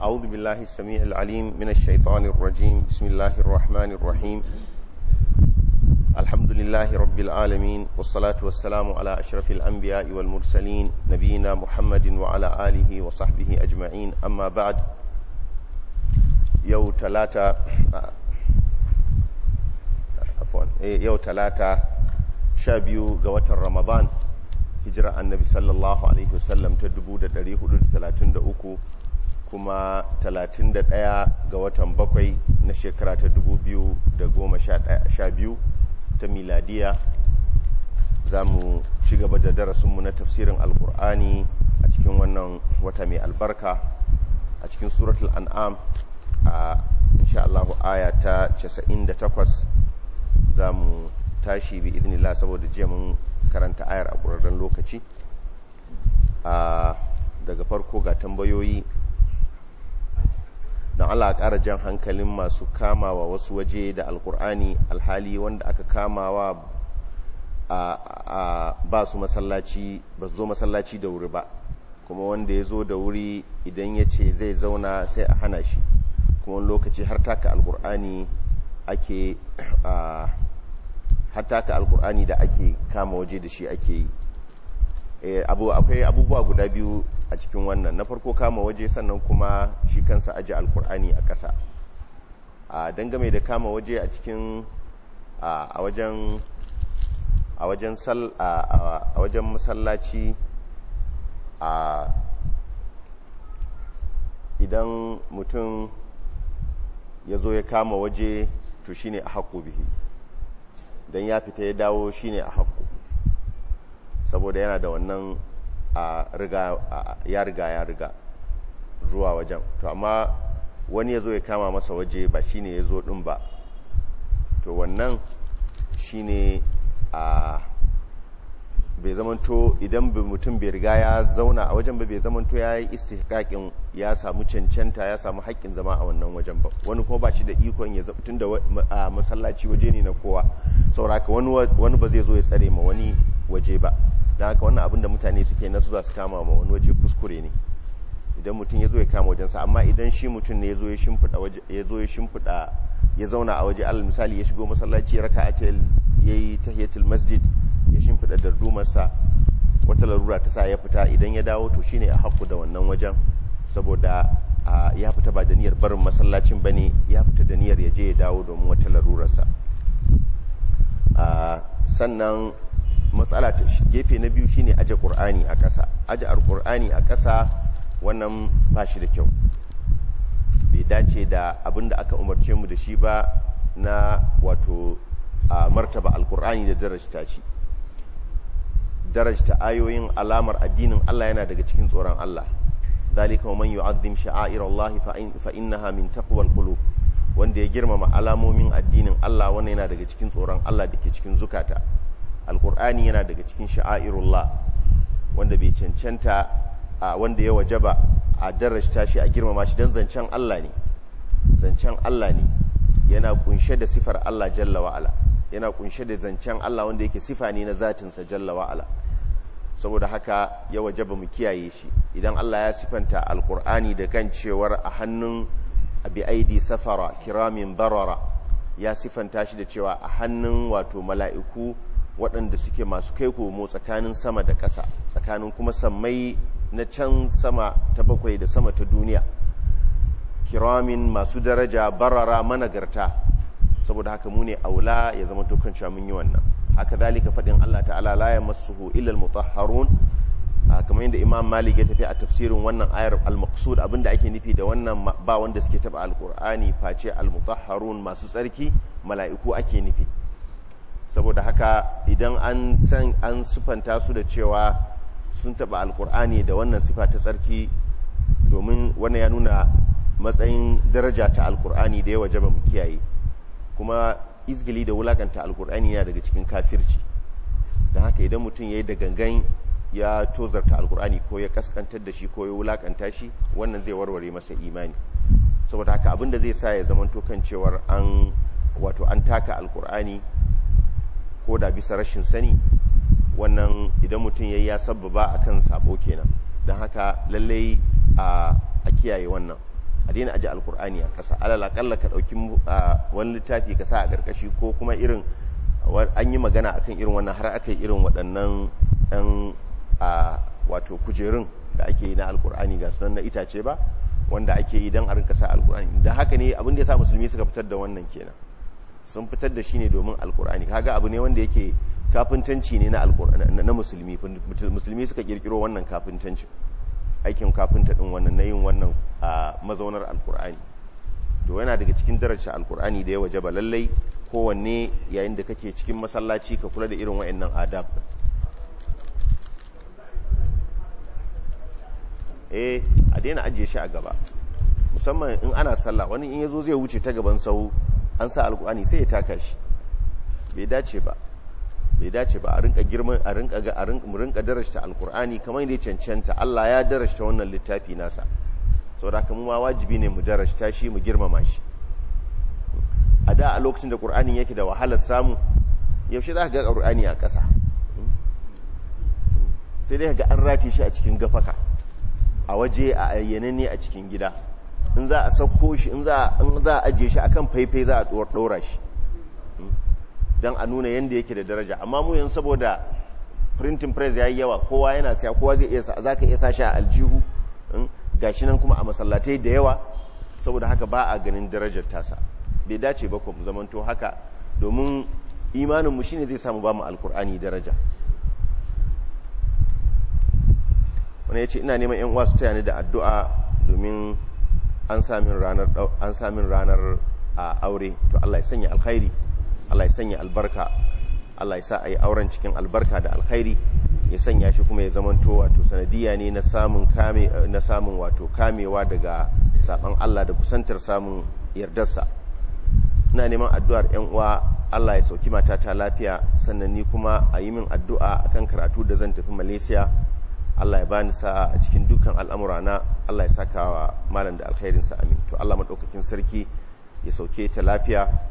أعوذ بالله السميع العليم من الشيطان الرجيم بسم الله الرحمن الرحيم الحمد لله رب العالمين والصلاة والسلام على أشرف الأنبياء والمرسلين نبينا محمد وعلى آله وصحبه أجمعين أما بعد يو تلاتة عفوا يو تلاتة شابيو قوة رمضان هجرة النبي صلى الله عليه وسلم تدبو دريه 33 kuma 31 ga watan bakwai na shekara ta 2012 ta miladiya za mu ci gaba da darasinmu na tafsirin alkur'ani a cikin wannan wata mai albarka a cikin suratul an'am a insha'allahu aya ta 98 za mu tashi bi idinila saboda jiya mun karanta ayar a ƙurarren lokaci daga farko ga tambayoyi don Allah ƙara jan hankalin masu kamawa wasu waje da alkur'ani alhali wanda aka kamawa ba su masallaci ba zo masallaci da wuri ba kuma wanda ya zo da wuri idan ya ce zai zauna sai a hana shi kuma lokaci har taka alkur'ani har taka alkur'ani da ake kama waje da shi ake yi Eh, akwai abubuwa guda biyu a cikin wannan na farko kama waje sannan kuma shi kansa aji alkur'ani a ƙasa a dangame da kama waje a cikin a wajen masallaci a idan mutum ya zo ya kama waje to shine a haƙo bihi don ya fita ya dawo shine a haƙo saboda yana da wannan riga ya riga ya riga zuwa wajen to amma wani ya zo ya kama masa waje ba shine ne ya zo ɗin ba to wannan shine ne a bai zamanto idan mutum bai riga ya zauna a wajen ba bai zamanto ya yi istihkakin ya samu cancanta ya samu haƙƙin zama a wannan wajen ba wani kuma ba shi da ikon ya tun da masallaci waje ne na kowa sauraka wani ba zai zo ya tsare ma wani waje ba don haka wannan abin da mutane suke nasu su za su kama ma wani waje kuskure ne idan mutum ya zo ya kama wajensa amma idan shi mutum ne ya zo ya shimfiɗa ya zauna a waje alal misali ya shigo masallaci raka a ya yi tahiyatul masjid ya shimfiɗa dardumarsa wata larura ta sa ya fita idan ya dawo to shine a haku da wannan wajen saboda ya fita ba da niyyar barin masallacin ba ne ya fita da niyyar ya je ya dawo domin wata larurarsa sannan matsala ta gefe na biyu shine aje ƙur'ani a ƙasa aje alƙur'ani a ƙasa wannan ba shi da kyau bai dace da abin da aka umarce mu da shi ba na wato martaba alƙur'ani da ta shi darajta ayoyin alamar addinin Allah yana daga cikin tsoron Allah dalika wa man yu'azzim sha'air Allah fa innaha min taqwal qulub wanda ya girmama alamomin addinin Allah wannan yana daga cikin tsoron Allah dake cikin zukata alqur'ani yana daga cikin sha'airullah wanda bai cancanta wanda ya wajaba a darajta shi a girmama shi dan zancen Allah ne zancen Allah ne yana kunshe da sifar Allah jalla wa'ala yana kunshe da zancen Allah wanda yake sifa ne na zatinsa jalla wa'ala saboda haka ya wajaba mu kiyaye shi idan Allah ya sifanta alkur'ani da kan cewar a hannun abi aidi safara kiramin barara ya sifanta shi da cewa a hannun wato mala'iku waɗanda suke masu kai komo tsakanin sama da ƙasa tsakanin kuma sammai na can sama ta bakwai da sama ta duniya kiramin masu daraja barara managarta saboda haka mu ne aula ya zama tokan mun yi wannan haka zalika faɗin Allah ta'ala la yamassuhu illa al-mutahharun kamar yadda Imam Malik ya tafi a tafsirin wannan ayar al-maqsud abinda ake nufi da wannan ba wanda suke taba al-Qur'ani face al-mutahharun masu tsarki mala'iku ake nufi saboda haka idan an san an sufanta su da cewa sun taba al-Qur'ani da wannan sifa ta tsarki domin wannan ya nuna matsayin daraja ta al-Qur'ani da ya wajaba mu kiyaye kuma izgili da wulakanta alkur'ani yana daga cikin kafirci don haka idan mutum ya yi da gangan ya tozarta alkur'ani ko ya kaskantar da shi ko ya wulakanta shi wannan zai warware masa imani saboda haka abinda zai sa ya zama kan cewar an wato an taka alkur'ani ko da bisa rashin sani wannan idan mutum ya yi ya sabba ba kan sabo kenan don haka lallai a kiyaye wannan a daina aji alkur'ani a kasa alal akalla ka dauki wani littafi ka sa a karkashi ko kuma irin an yi magana akan irin wannan har aka yi irin waɗannan ɗan wato kujerun da ake yi na alkur'ani ga sunan na itace ba wanda ake yi don a rinka sa alkur'ani da haka ne abin da ya sa musulmi suka fitar da wannan kenan sun fitar da shi ne domin alkur'ani kaga abu ne wanda yake kafintanci ne na musulmi musulmi suka kirkiro wannan kafintanci. aikin kafinta din wannan na yin wannan a mazaunar alkur'ani to yana daga cikin darajar alkur'ani da ya waje ba lallai kowanne yayin da kake cikin masallaci ka kula da irin wa'annan adab eh a daina ajiye shi a gaba musamman in ana sallah wani in yazo zai wuce ta gaban sau an sa alkur'ani sai ya taka shi bai dace ba bai dace ba a rinka girman a rinka ga a rinka darasta alkur'ani kamar yadda cancanta Allah ya darasta wannan littafi nasa saboda kuma ma wajibi ne mu darasta shi mu girmama shi a da a lokacin da qur'anin yake da wahalar samu yaushe za ka ga qur'ani a ƙasa sai dai ga an rati shi a cikin gafaka a waje a ayyane ne a cikin gida in za a sauko shi in za a ajiye shi akan faifai za a ɗora shi don a nuna yadda yake da daraja amma mu yin saboda printing press ya yi yawa kowa yana siya kowa zai iya za ka iya sashi a aljihu hmm? ga shi nan kuma a masallatai da yawa saboda haka ba a ganin darajar tasa bai dace ba ku to haka domin imanin mu ne zai samu ba mu alkur'ani daraja wani ya ce ina neman yan uwa su da addu'a domin an samin ranar ranar a aure to Allah ya sanya alkhairi Allah ya sanya albarka Allah ya sa a yi auren cikin albarka da alkhairi ya sanya shi kuma ya zamanto wato sanadiyya ne na samun kame na samun wato kamewa daga saban Allah da kusantar samun yardarsa ina neman addu'ar ƴan uwa Allah ya sauki matata lafiya sannan ni kuma a yi min addu'a akan karatu da zan tafi Malaysia Allah ya bani sa'a a cikin dukkan al'amura na Allah ya saka wa malam da alkhairinsa amin to Allah madaukakin sarki ya sauke ta lafiya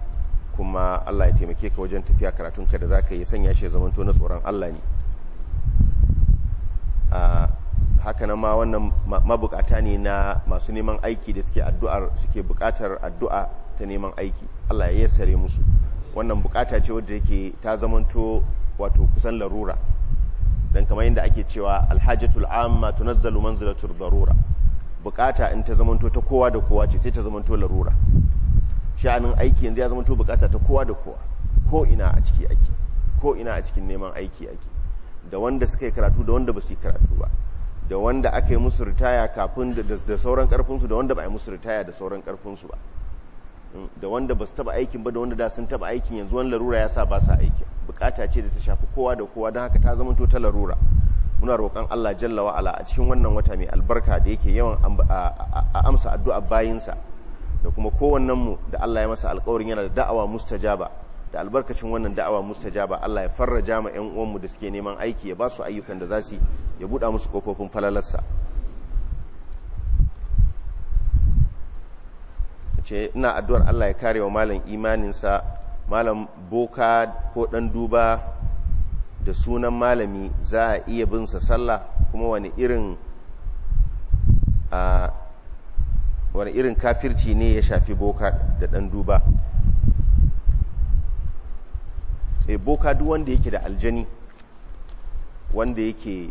kuma Allah ya taimake ka wajen tafiya karatun ka da zaka ka yi sanya shi to na tsoron Allah ne haka nan ma wannan mabukata ne na masu neman aiki da suke addu'ar suke bukatar addu'a ta neman aiki Allah ya yassare musu wannan bukata ce wadda yake ta zamanto wato kusan larura dan kamar yadda ake cewa alhajatul amma tunazzalu manzilatul darura bukata in ta zamanto ta kowa da kowa ce sai ta zamanto larura sha'anin aiki yanzu ya zama to bukata ta kowa da kowa ko ina a ciki ake ko ina a cikin neman aiki ake da wanda suka yi karatu da wanda ba su yi karatu ba da wanda aka yi musu ritaya kafin da sauran karfinsu da wanda ba a yi musu ritaya da sauran karfinsu ba mm, da wanda ba su taba aikin ba da wanda da sun taba aikin yanzu wani larura ya sa ba sa aiki bukata ce da ta shafi kowa da kowa don haka ta zama to ta larura muna roƙon Allah jalla wa'ala a cikin wannan wata mai albarka da yake yawan a amsa addu'a bayinsa da kuma kowannenmu da Allah ya masa alkawarin yana da da'awa mustajaba da albarkacin wannan da'awa mustajaba Allah ya farraja ma ƴan uwanmu da suke neman aiki ya ba su ayyukan da za su ya buɗa musu kofofin falalarsa ce ina addu'ar Allah ya kare wa malam sa malam boka ko dan duba da sunan malami za a iya bin sa sallah kuma wani irin a wani irin kafirci ne ya shafi boka da ɗan duba e boka duk wanda yake da aljani wanda yake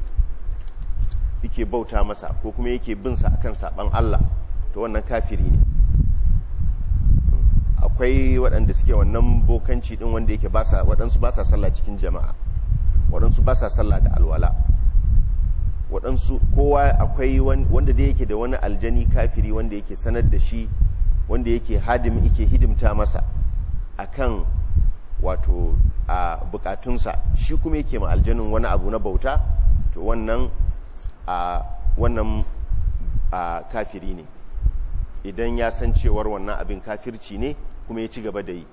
yake bauta masa ko kuma yake binsa akan saban Allah to wannan kafiri ne akwai waɗanda suke wannan bokanci ɗin wanda yake waɗansu ba sa sallah cikin jama'a waɗansu ba sa sallah da alwala waɗansu kowa akwai wanda da yake da wani aljani kafiri wanda yake sanar da shi wanda yake hadim yake hidimta masa akan wato a bukatunsa shi kuma yake ma aljanin wani abu na bauta to wannan a wannan kafiri ne idan ya san cewar wannan abin kafirci ne kuma ya ci gaba da yi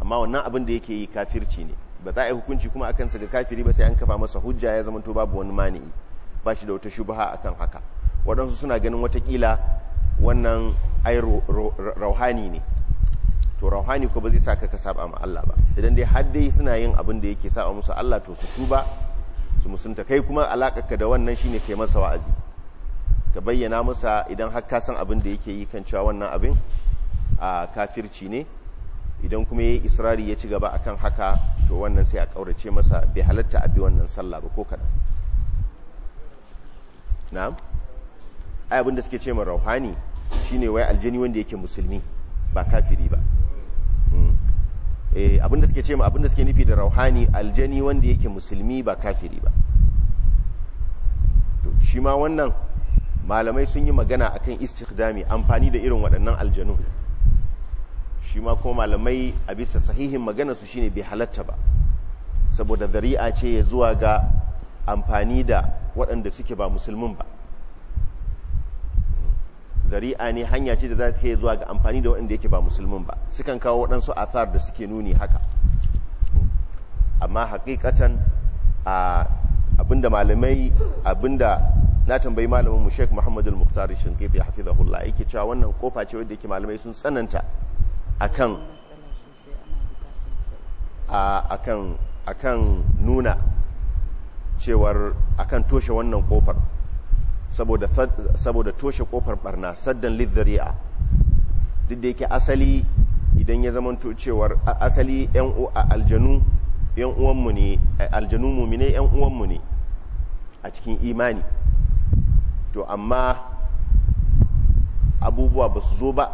amma wannan abin da yake yi kafirci ne ba za a yi hukunci kuma akan kansa ga kafiri ba sai an kafa masa hujja ya zama to babu wani mani'i ba shi da wata shubaha akan haka waɗansu suna ganin watakila wannan ai rauhani ne to rauhani ko ba zai sa ka saba ma Allah ba idan dai har dai suna yin abin da yake saba musu Allah to su tuba su musunta kai kuma ka da wannan shine kai masa wa'azi ka bayyana masa idan har ka san abin da yake yi kan cewa wannan abin a kafirci ne idan kuma yayi israri ya ci gaba akan haka to wannan sai a kaurace masa bai halatta a wannan sallah ba ko kaɗan. na'am ai abinda suke ce mai rauhani shine wai aljani wanda yake musulmi ba kafiri ba mm. eh abinda suke ce mai abinda suke nufi da rauhani aljani wanda yake musulmi ba kafiri ba to shi ma wannan malamai sun yi magana akan istikdami amfani da irin waɗannan aljanu shi ma kuma malamai a bisa sahihin magana su shine bai halatta ba saboda zari'a ce ya zuwa ga amfani da waɗanda suke ba musulmin ba zari'a ne hanya ce da za ta zuwa ga amfani da waɗanda yake ba musulmin ba sukan kawo waɗansu athar da suke nuni haka amma hakikatan abinda malamai abinda na tambayi malamin mu Sheikh Muhammad Al-Muqtar Shinqiti hafizahullah yake cewa wannan kofa ce wanda yake malamai sun tsananta akan akan akan nuna cewar akan toshe wannan kofar saboda toshe kofar barna saddan lidhari'a duk da yake asali idan ya zamanto cewar asali yan aljanu yan uwanmu ne aljanu mumine yan uwanmu ne a cikin imani to amma abubuwa ba su zo ba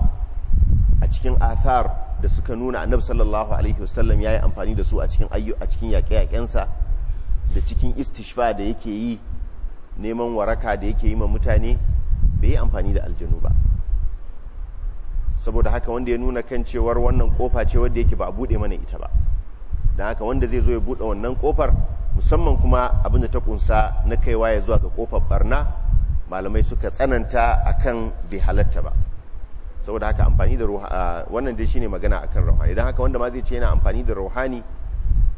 a cikin athar da suka nuna annabi sallallahu alaihi wasallam yayi amfani da su a cikin ayyu a cikin yaƙe da cikin istishfa da yake yi neman waraka da yake yi ma mutane bai yi amfani da aljanu ba saboda haka wanda ya nuna kan cewar wannan kofa ce wanda yake ba a bude mana ita ba don haka wanda zai zo ya bude wannan kofar musamman kuma abin da ta kunsa na kaiwa ya zuwa ga kofar barna malamai suka tsananta akan bai halatta ba saboda haka amfani da wannan dai shine magana akan ruhani idan haka wanda ma zai ce yana amfani da ruhani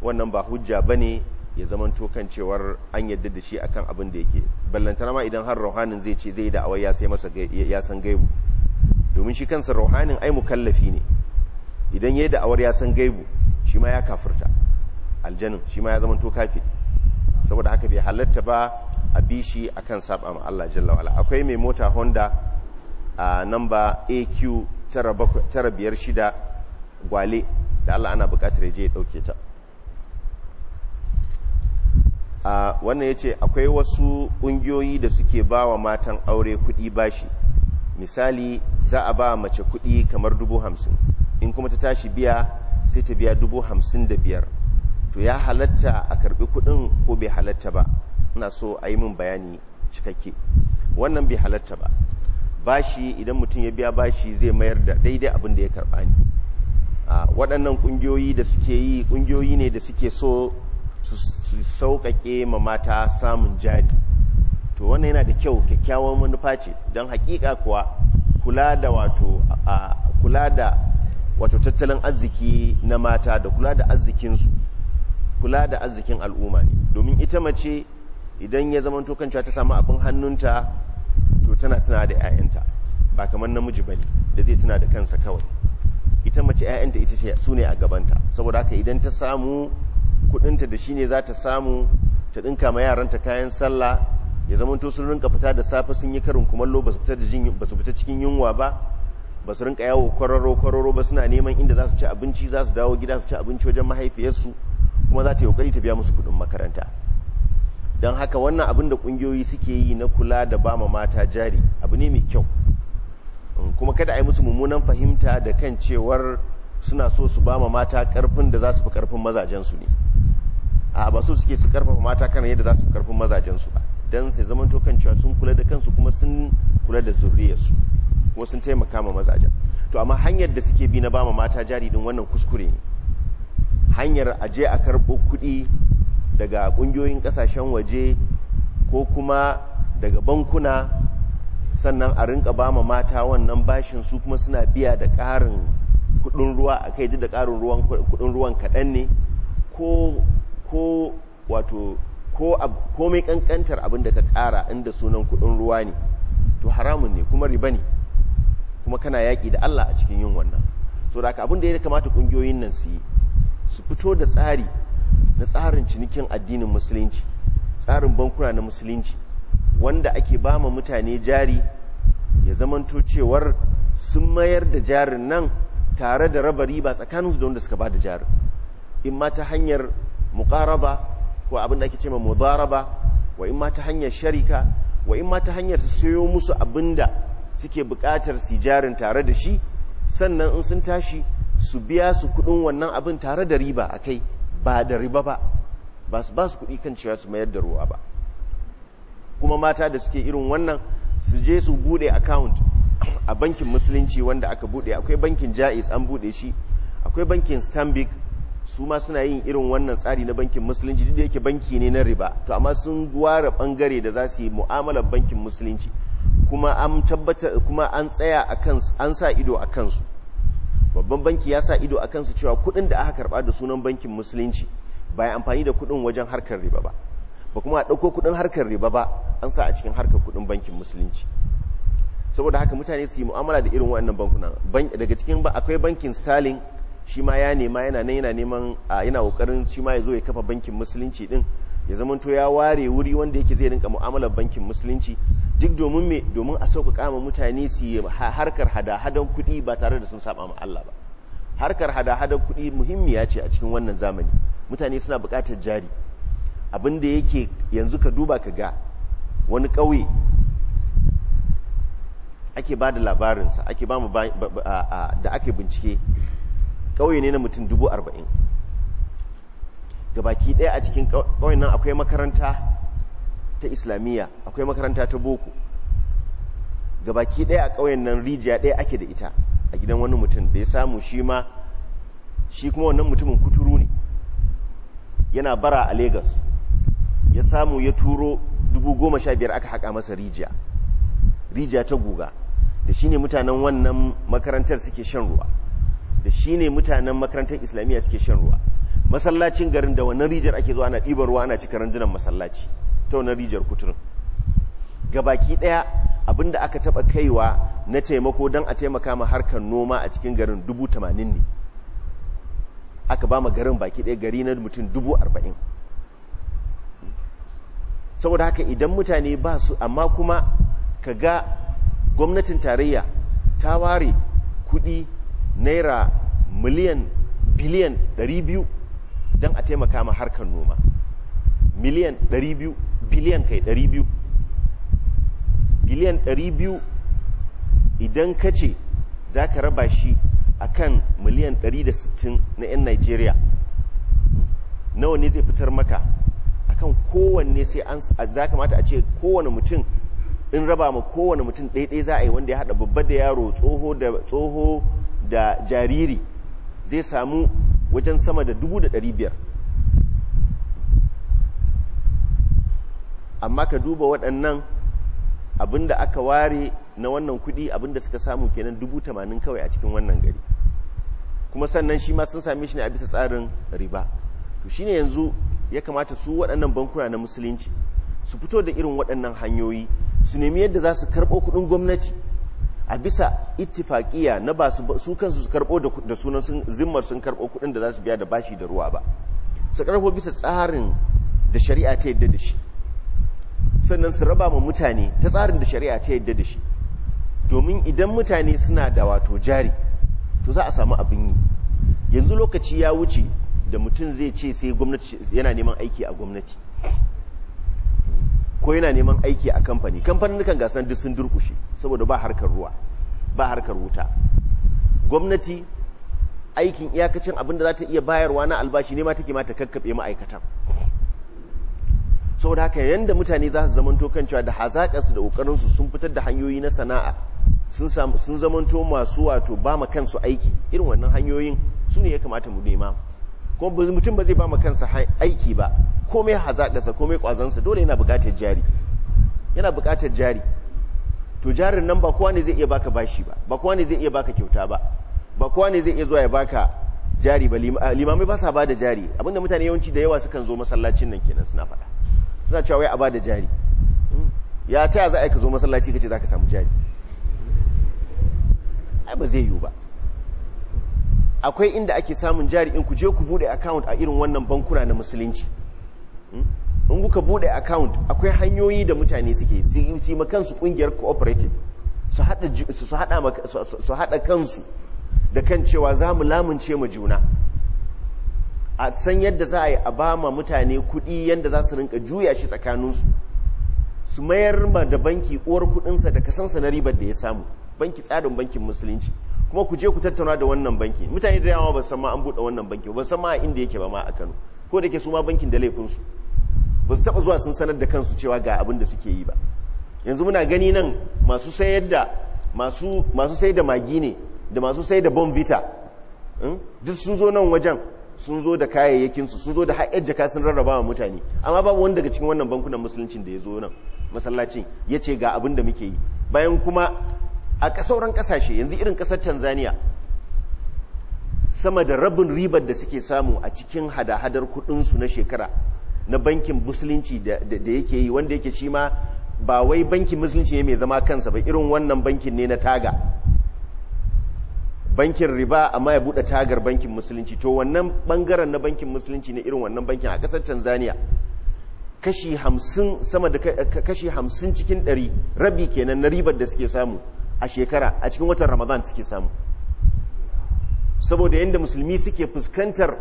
wannan ba hujja bane ya zamanto kan cewar an yadda da shi akan abin da yake ballantana ma idan har rohanin zai ce zai da'awar ya sai masa ya san gaibu domin shi kansa rohanin ai mukallafi ne idan yayi da'awar ya san gaibu shi ma ya kafirta aljanin shi ma ya zamanto to kafiri saboda haka bai halatta ba a bi shi akan saba ma Allah jalla wala akwai mai mota Honda a tara AQ shida gwale da Allah ana bukatar ya je ya dauke ta a wannan ya ce akwai wasu ƙungiyoyi da suke ba wa matan aure kuɗi bashi misali za a ba mace kuɗi kamar dubu hamsin in kuma ta tashi biya sai ta biya dubu hamsin da biyar to ya halatta a karɓi kuɗin ko bai halatta ba ina so a yi min bayani cikakke wannan bai halatta ba bashi idan mutum ya biya bashi zai mayar da daidai abin da ya karɓa ne waɗannan ƙungiyoyi da suke yi ƙungiyoyi ne da suke so su sauƙaƙe ma mata samun jari to wannan yana da kyau kyakkyawan manufa ce don haƙiƙa kuwa kula da wato a kula da wato tattalin arziki na mata da kula da arzikinsu kula da arzikin al'umma ne domin ita mace idan ya zama tokancewa ta samu abin hannunta to tana tana da 'ya'yanta ba kamar namiji ba ne da zai tana da kansa kawai ita mace 'ya'yanta ita ce su ne a gabanta saboda haka idan ta samu kudinta da shine za ta samu ta dinka ma yaranta kayan sallah ya zama to sun rinka fita da safe sun yi karin kumallo ba su fita da jin ba su fita cikin yunwa ba ba su rinka yawo kwararo kwararo ba suna neman inda za su ci abinci za su dawo gida su ci abinci wajen mahaifiyarsu kuma za ta yi kokari ta biya musu kudin makaranta don haka wannan abin da kungiyoyi suke yi na kula da ba ma mata jari abu ne mai kyau kuma kada a yi musu mummunan fahimta da kan cewar suna so su ba ma mata karfin da za su fi karfin mazajensu ne a ba so suke su karfafa mata kan yadda za su fi karfin mazajensu ba don sai zaman tokan cewa sun kula da kansu kuma sun kula da zurriyarsu kuma sun taimaka ma mazajen to amma hanyar da suke bi na ba ma mata jari din wannan kuskure ne hanyar a je a karɓo kuɗi daga ƙungiyoyin ƙasashen waje ko kuma daga bankuna sannan a rinka ba mata wannan bashin su kuma suna biya da ƙarin kudin ruwa a kai da karin ruwan kudin ruwan kaɗan ne ko ko wato ko komai kankantar abin da ka kara inda sunan kudin ruwa ne to haramun ne kuma riba ne kuma kana yaƙi da Allah a cikin yin wannan so da abin da ya kamata kungiyoyin nan su yi su fito da tsari na tsarin cinikin addinin musulunci tsarin bankuna na musulunci wanda ake ba mutane jari ya zamanto cewar sun mayar da jarin nan tare da raba riba tsakaninsu da wanda suka ba da jari in ma ta hanyar muƙaraba ko abin da ake ce ma muzaraba wa in ma ta hanyar sharika wa in ma ta hanyar su sayo musu abin da suke buƙatar su jarin tare da shi sannan in sun tashi su biya su kuɗin wannan abin tare da riba a kai ba da riba ba ba su ba su kuɗi kan cewa su mayar da ruwa ba kuma mata da suke irin wannan su je su buɗe account a bankin musulunci wanda aka bude akwai bankin jais an bude shi akwai bankin stanbic su ma suna yin irin wannan tsari na bankin musulunci duk da yake banki ne na riba to amma sun ware bangare da za su yi mu'amalar bankin musulunci kuma an tabbata kuma an tsaya a an sa ido a kansu babban banki ya sa ido a kansu cewa kuɗin da aka karba da sunan bankin musulunci ba amfani da kuɗin wajen harkar riba ba ba kuma a ɗauko kuɗin harkar riba ba an sa a cikin harkar kuɗin bankin musulunci saboda haka mutane su yi mu'amala da irin wannan bankuna daga cikin ba akwai bankin sterling shi ma ya nema yana nan yana neman yana kokarin shi ma ya zo ya kafa bankin musulunci din ya zama to ya ware wuri wanda yake zai rinka mu'amalar bankin musulunci duk domin me domin a sauƙaƙa ma mutane su yi harkar hada-hadan kuɗi ba tare da sun saba ma Allah ba harkar hada-hadan kuɗi muhimmiya ce a cikin wannan zamani mutane suna buƙatar jari abin da yake yanzu ka duba ka ga wani ƙauye ake ba da labarinsa ake ba mu da ake bincike ƙauye ne na mutum dubu arba'in gabaki ɗaya a cikin ƙauyen nan akwai makaranta ta islamiyya akwai makaranta ta boko gabaki ɗaya a ƙauyen nan rijiya ɗaya ake da ita a gidan wani mutum da ya samu shi ma shi kuma wannan mutumin kuturu ne yana bara a lagos ya samu ya turo dubu goma sha biyar aka haƙa masa rijiya rijiya ta guga da shine mutanen wannan makarantar suke shan ruwa da shine mutanen makarantar islamiyya suke shan ruwa masallacin garin da wannan rijar ake zuwa na ɗibar ruwa ana cika ranjinan masallaci ta wannan rijar kuturin gabaki ɗaya abinda aka taɓa kaiwa na taimako don a taimaka ma harkar noma a cikin garin dubu tamanin ne aka ba garin baki ɗaya gari na mutum dubu arba'in saboda haka idan mutane ba su amma kuma ka ga gwamnatin tarayya ta ware kudi naira miliyan biliyan 200 don a taimaka ma harkar noma miliyan 200 biliyan kai 200 biliyan 200 idan ka ce za ka raba shi a kan miliyan 160 na 'yan nigeria nawa ne zai fitar maka akan kowanne sai an za kamata a ce kowane mutum in raba ma kowane mutum ɗaiɗai za a yi wanda ya haɗa babba da yaro tsoho da tsoho da jariri zai samu wajen sama da dubu ɗari biyar amma ka duba waɗannan abinda aka ware na wannan kuɗi abinda suka samu kenan dubu tamanin kawai a cikin wannan gari kuma sannan shi ma sun same shi ne a bisa tsarin riba to shine yanzu ya kamata su waɗannan bankuna na musulunci su fito da irin waɗannan hanyoyi su nemi yadda za su karɓo kuɗin gwamnati a bisa ittifaƙiya na ba su kansu su karɓo da sunan zimmar sun karɓo kuɗin da za su biya da bashi da ruwa ba su karɓo bisa tsarin da shari'a ta yadda da shi sannan su raba ma mutane ta tsarin da shari'a ta yadda da shi domin idan mutane suna da wato jari to za a samu abin yi yanzu lokaci ya wuce da mutum zai ce sai gwamnati yana neman aiki a gwamnati ko yana neman aiki a kamfani kamfanin kan gasar duk sun durkushe saboda ba harkar ruwa ba harkar wuta gwamnati aikin iyakacin abinda da za ta iya bayarwa na albashi ne ma take ma ta kakkaɓe ma'aikatan saboda haka yanda mutane za su zamanto kan cewa da hazaƙarsu da ƙoƙarinsu sun fitar da hanyoyi na sana'a sun zamanto masu wato ba ma kansu aiki irin wannan hanyoyin su ne ya kamata mu nema ko mutum ba zai ba kansa aiki ba komai hazaƙarsa komai ƙwazansa dole yana buƙatar jari yana buƙatar jari to jarin nan ba kowa ne zai iya baka bashi ba ba kowa ne zai iya baka kyauta ba ba kowa ne zai iya zuwa ya baka jari ba limamai ba sa ba da jari abinda mutane yawanci da yawa sukan zo masallacin nan kenan suna faɗa suna cewa wai a ba da jari hmm? ya ta za a yi ka zo masallaci ka ce za ka samu jari ai ba zai yiwu ba akwai inda ake samun jari in ku je ku bude account a irin wannan bankuna na musulunci hmm? in kuka bude account akwai hanyoyi da mutane suke su yi kansu kungiyar cooperative su hada kansu da kan cewa za mu lamunce ma juna a san yadda za a yi a ba ma mutane kudi yadda za su rinka juya shi tsakaninsu su mayar ma da banki uwar kuɗinsa da kasansa na ribar da ya samu banki tsarin bankin musulunci kuma ku je ku tattauna da wannan banki mutane da yawa ba san ma an buɗe wannan banki ba san ma a inda yake ba ma a Kano ko da ke su ma bankin da laifin su ba su taba zuwa sun sanar da kansu cewa ga abin da suke yi ba yanzu muna gani nan masu sayar da masu masu sayar da magi ne da masu sayar da vita hmm? duk sun zo nan wajen sun zo da kayayyakin su sun zo da har jaka sun rarraba wa mutane amma babu wanda daga cikin wannan bankunan musulunci da ya zo nan masallacin ya ce ga abin da muke yi bayan kuma a kasauran kasashe yanzu irin kasar tanzania sama da rabin ribar da suke samu a cikin hada-hadar kudinsu na shekara na bankin musulunci da yake yi wanda yake shi ma ba wai bankin musulunci ne mai zama kansa ba irin wannan bankin ne na taga bankin riba amma ya bude tagar bankin musulunci to wannan bangaren na bankin musulunci ne irin wannan bankin a kasar tanzania kashi hamsin sama da kashi hamsin cikin ɗari rabi kenan na ribar da suke samu a shekara a cikin watan ramadan suke samu saboda yadda musulmi suke fuskantar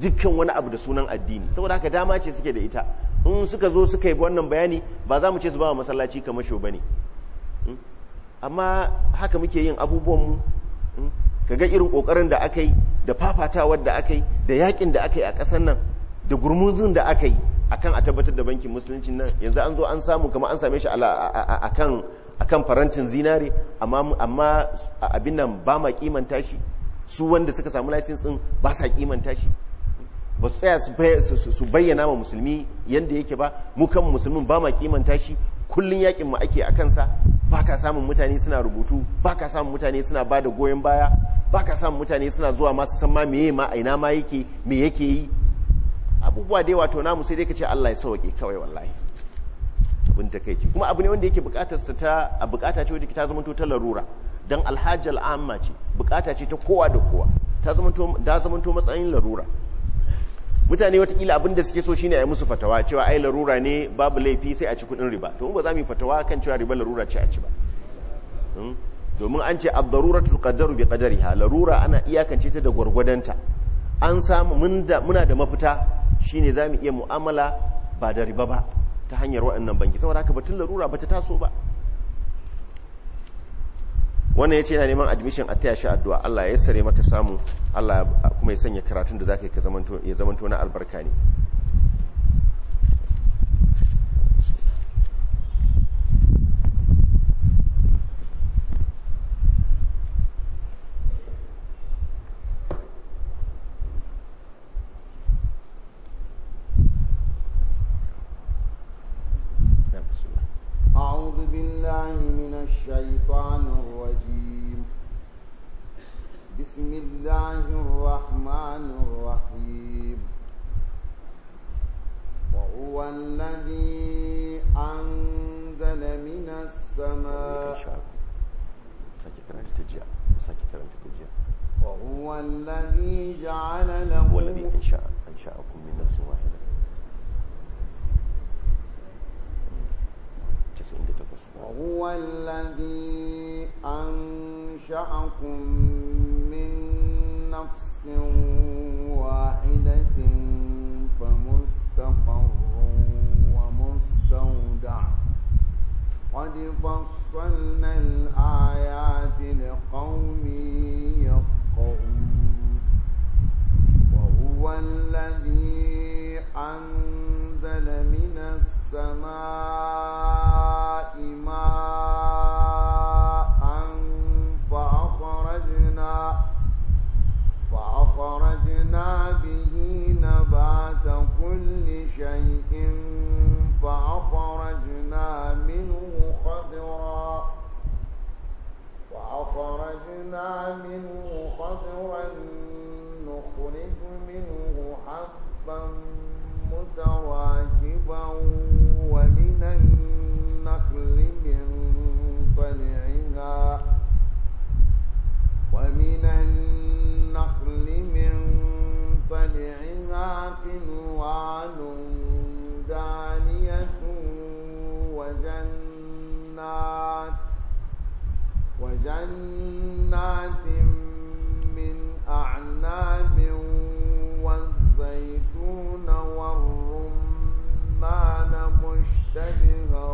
dukkan wani abu da sunan addini saboda haka dama ce suke da ita in suka zo suka yi wannan bayani ba za mu ce su ba wa masallaci kamar ba ne hmm? amma haka muke yin abubuwanmu hmm? ka ga irin kokarin da aka yi da fafatawar da aka yi da yakin da aka yi a ƙasar nan da gurmuzin da aka yi akan a tabbatar da bankin musulunci nan yanzu an zo an samu kamar an same shi a kan. akan farantin zinare amma abin nan ba ma kimanta shi su wanda suka samu license din ba sa kimanta shi ba su tsaya su bayyana ma musulmi yadda yake ba mu kan musulmin ba ma kimanta shi kullun yakin mu ake akan sa ba ka samun mutane suna rubutu ba ka samun mutane suna ba da goyon baya ba ka samun mutane suna zuwa masu san ma meye ma aina ma yake me yake yi abubuwa dai wato namu sai dai ka ce Allah ya sauke kawai wallahi abin kai kuma abu ne wanda yake bukatar sa ta a bukata ce wadda ta zama to ta larura dan alhaji al'amma ce bukata ce ta kowa da kowa ta zama to da zama to matsayin larura mutane watakila abin da suke so shine a yi musu fatawa cewa ai larura ne babu laifi sai a ci kudin riba to ba za mu yi fatawa kan cewa riba larura ce a ci ba hmm? domin an ce ad-daruratu tuqaddaru bi qadariha larura ana iyakance ta da gwargwadanta an samu muna da mafita shine za mu iya mu'amala ba da riba ba ta hanyar waɗannan banki saboda haka batun larura ba ta taso ba wannan ya ce yana neman admission a taya shi addu'a Allah ya sare maka samu Allah kuma ya sanya karatun da za ka yi ya zamanto na albarka ne وعن دانية وجنات وجنات من أعناب والزيتون والرمان مشتبها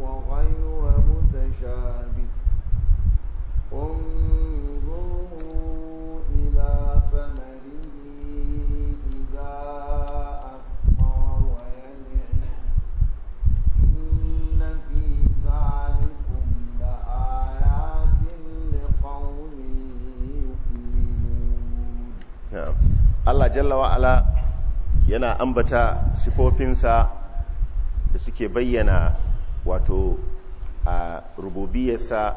وغير متشابه Allah jalla wa'ala yana ambata sifofinsa da suke bayyana wato a rububiyarsa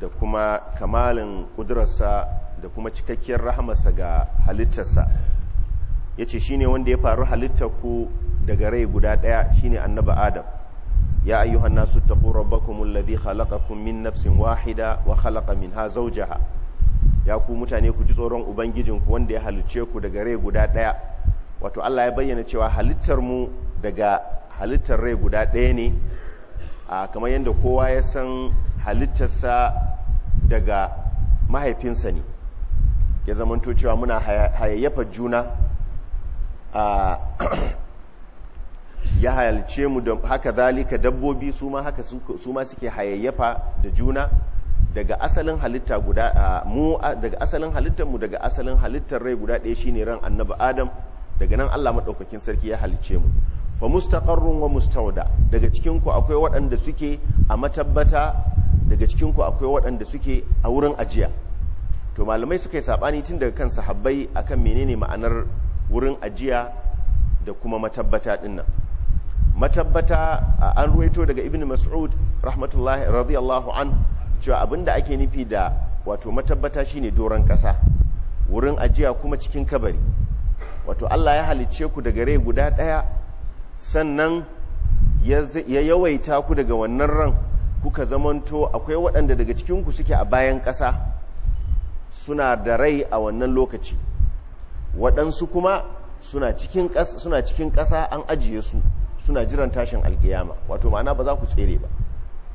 da kuma kamalin kudurarsa da kuma cikakkiyar rahamarsa ga halittarsa ya ce shi ne wanda ya faru halittarku daga rai guda ɗaya shi ne annaba adam ya ayyuhan nasu taƙo rabbakumul ladhi min nafsin wahida wa min ha zaujaha. ya ku mutane ku ji tsoron ubangijinku wanda ya halicce ku daga rai guda ɗaya wato Allah ya bayyana cewa halittar mu daga halittar rai guda ɗaya ne a kamar yadda kowa ya san halittarsa daga mahaifinsa ne ya zamanto cewa muna hayayyafa juna ya halarce mu haka zalika dabbobi su haka su ma suke hayayyafa da juna daga asalin halitta guda mu daga asalin halittar mu daga asalin halittar rai guda ɗaya shine ran annabi adam daga nan Allah maɗaukakin sarki ya halice mu fa mustaqarrun wa mustawda daga cikin ku akwai waɗanda suke a matabbata daga cikin ku akwai waɗanda suke a wurin ajiya to malamai suka yi sabani tun daga kan sahabbai akan menene ma'anar wurin ajiya da kuma matabbata dinnan matabbata an ruwaito daga ibnu mas'ud rahmatullahi radiyallahu anhu cewa abin da ake nufi da wato matabbata shine doron kasa wurin ajiya kuma cikin kabari wato Allah ya halicce ku daga rai guda daya sannan ya yawaita ku daga wannan ran kuka zamanto akwai waɗanda daga cikin ku suke a bayan ƙasa suna da rai a wannan lokaci waɗansu kuma suna cikin ƙasa an ajiye su suna jiran tashin alkiyama wato ma'ana ba za ku tsere ba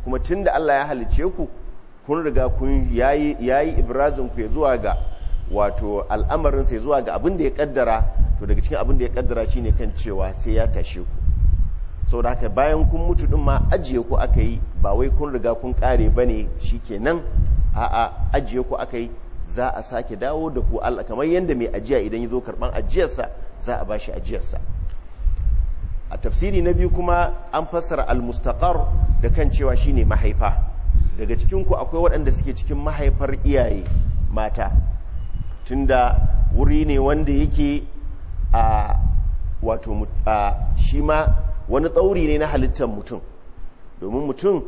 kuma tun da Allah ya halicce ku kun riga kun yayi yayi ibrazin ku zuwa ga wato al'amarin sai zuwa ga abin da ya kaddara to daga cikin abin da ya kaddara shine kan cewa sai ya tashe ku saboda haka bayan kun mutu din ma ajiye ku aka yi ba wai kun riga kun kare bane shikenan a'a ajiye ku aka yi za a sake dawo da ku Allah kamar yanda mai ajiya idan yazo zo karban ajiyarsa za a bashi ajiyarsa a tafsiri na biyu kuma an fassara al-mustaqar da kan cewa shine mahaifa daga cikin ku akwai waɗanda suke cikin mahaifar iyaye mata tunda wuri ne wanda yake a wato shi ma wani tsauri ne na halittar mutum domin mutum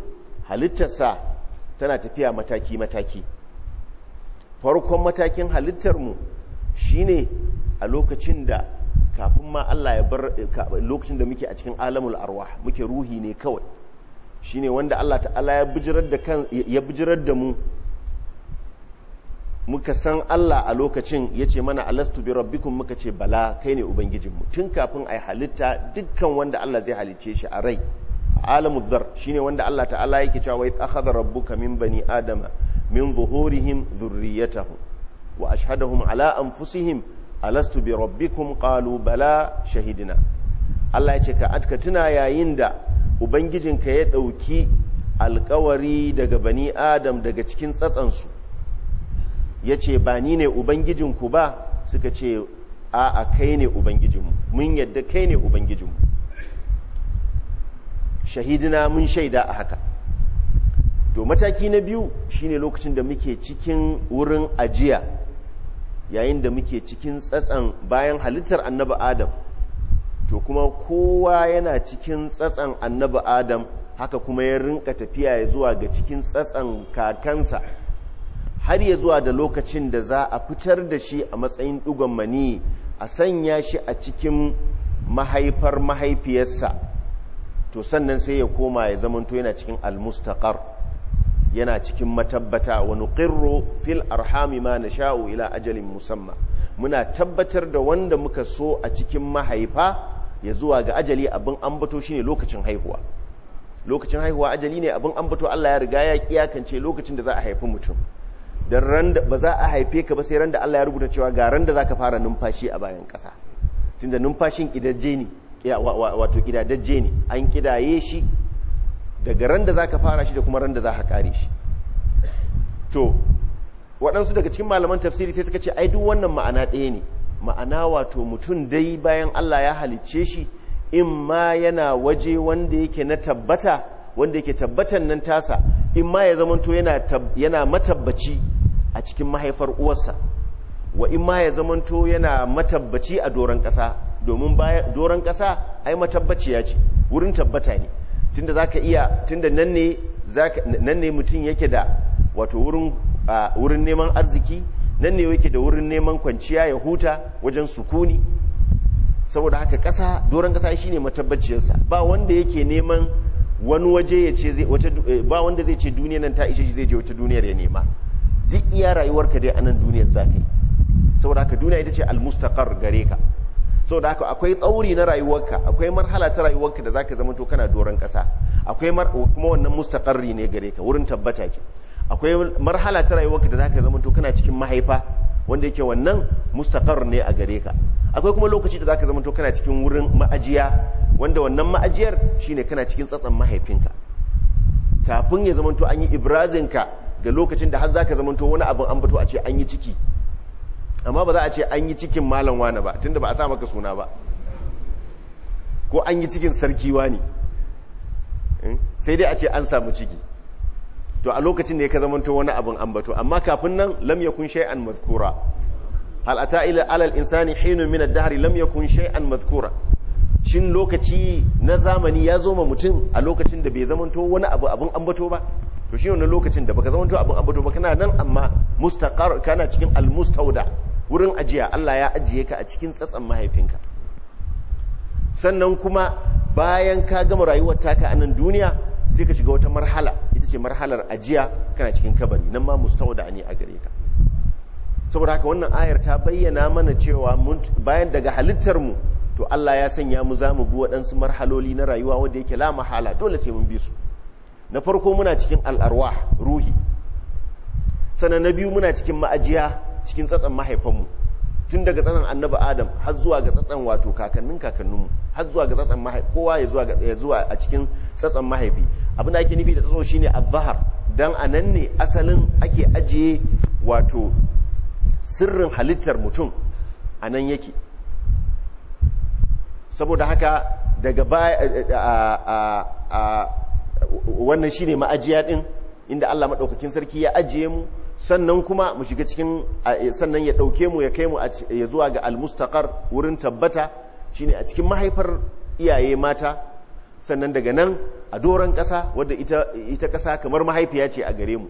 halittarsa tana tafiya mataki-mataki farkon matakin halittarmu shi ne a lokacin da kafin ma Allah ya bar lokacin da muke a cikin alamul arwa muke ruhi ne kawai ne wanda Allah ta'ala ya bijirar da kan ya da mu muka san Allah a lokacin yace mana alastu bi rabbikum muka ce bala kai ne ubangijinmu tun kafin yi halitta dukkan wanda Allah zai halice shi a rai alamu shi shine wanda Allah ta'ala yake cewa wa akhadha rabbuka min bani adama min zuhurihim dhurriyyatahum wa ashhadahum ala anfusihim alastu bi rabbikum qalu bala shahidina Allah ya ce ka atka tuna yayin da ubangijinka ya ɗauki alkawari daga bani adam daga cikin tsatsansu ya ce ba ni ne ubangijinku ba suka ce a a kai ne ubangijinmu mun yadda kai ne ubangijinmu shahidina mun shaida a haka to mataki na biyu shine lokacin da muke cikin wurin ajiya yayin da muke cikin tsatsan bayan halittar annabi adam to kuma kowa yana cikin tsatsan annabi adam haka kuma ya rinka tafiya ya zuwa ga cikin tsatsan kakansa har ya zuwa da lokacin da za a fitar da shi a matsayin ɗugon mani a sanya shi a cikin mahaifar mahaifiyarsa to sannan sai ya koma ya zamanto yana cikin almustaqar yana cikin matabbata wa nuqirru fil arhami ma nasha'u ila ajalin musamma muna tabbatar da wanda muka so a cikin mahaifa ya zuwa ga ajali abin ambato shine lokacin haihuwa lokacin haihuwa ajali ne abin ambato Allah ya riga ya kiyakance lokacin da za a haifi mutum dan randa da ba za a haife ka ba sai randa Allah ya rubuta cewa ga randa za zaka fara numfashi a bayan ƙasa tunda numfashin kidaje ne wato kidadajje ne an kidaye shi daga randa za zaka fara shi da kuma randa za ka kare shi to waɗansu daga cikin malaman tafsiri sai suka ce ai duk wannan ma'ana ɗaya ne ma'ana wato mutum dai bayan Allah ya halicce shi in ma yana waje wanda yake na tabbata wanda yake tabbatan nan tasa in ma ya zamanto yana yana matabbaci a cikin mahaifar uwarsa wa in ma ya zamanto yana matabbaci a doron ƙasa domin doron ƙasa ai ya ce wurin tabbata ne tunda zaka iya tunda nan ne mutum yake da wato wurin neman arziki nan ne yake da wurin neman kwanciya ya huta wajen sukuni saboda haka ƙasa doron ƙasa shi ne matabbaciyarsa ba wanda yake neman wani waje ya ce eh, ba wanda zai ce duniya nan ta ishe shi zai je wata duniyar ya nema duk iya rayuwarka dai a nan duniyar za ka yi saboda haka duniya ita ce almustaqar gare ka saboda haka akwai tsauri na rayuwarka akwai marhala ta rayuwarka da za ka zama to kana doron ƙasa akwai kuma wannan mustaqarri ne gare ka wurin tabbata ke akwai marhala ta rayuwarka da zaka zama to kana cikin mahaifa wanda yake wannan mustaqar ne a gare ka akwai kuma lokaci da zaka zama to kana cikin wurin ma'ajiya wanda wannan ma'ajiyar shine kana cikin tsatsan mahaifinka kafin ya zama to an yi ibrazinka ga lokacin da har zaka zama to wani abin an a ce an yi ciki amma ba za a ce an yi cikin malam wani ba tunda ba a sa maka suna ba ko an yi cikin sarki wani eh? sai dai a ce an samu ciki to a lokacin da ya ka zamanto wani abin ambato amma kafin nan lam yakun shay'an mazkura hal ata ila alal insani hinu min ad-dahr lam yakun shay'an mazkura shin lokaci na zamani ya zo ma mutum a lokacin da bai zamanto wani abu abin ambato ba to shi wannan lokacin da baka zamanto abin ambato ba kana nan amma mustaqar kana cikin al-mustawda wurin ajiya Allah ya ajiye ka a cikin tsatsan mahaifinka sannan kuma bayan ka gama rayuwar taka a nan duniya sai ka shiga wata marhala ita ce marhalar ajiya kana cikin kabari nan ma mustauda ne a gare ka saboda haka wannan ayar ta bayyana mana cewa bayan daga halittar mu to Allah ya sanya mu za mu bi waɗansu marhaloli na rayuwa wanda yake la mahala dole sai mun bi su na farko muna cikin al'arwah ruhi sannan na biyu muna cikin ma'ajiya cikin tsatsan mahaifanmu tun daga tsatsan annabi adam har zuwa ga tsatsan wato kakannin kakanninmu har zuwa ga tsatsan mahaifi kowa ya zuwa a cikin tsatsan mahaifi abin da ake nufi da tsatso shine az-zahar dan anan ne asalin ake ajiye wato sirrin halittar mutum anan yake saboda haka daga baya wannan shine ma'ajiya din inda Allah madaukakin sarki ya ajiye mu sannan kuma mu shiga cikin eh, sannan ya ɗauke mu ya kai mu ya zuwa ga almustaqar wurin tabbata shine a cikin mahaifar iyaye mata sannan daga nan a doron kasa wadda ita kasa kamar mahaifiya ce a gare mu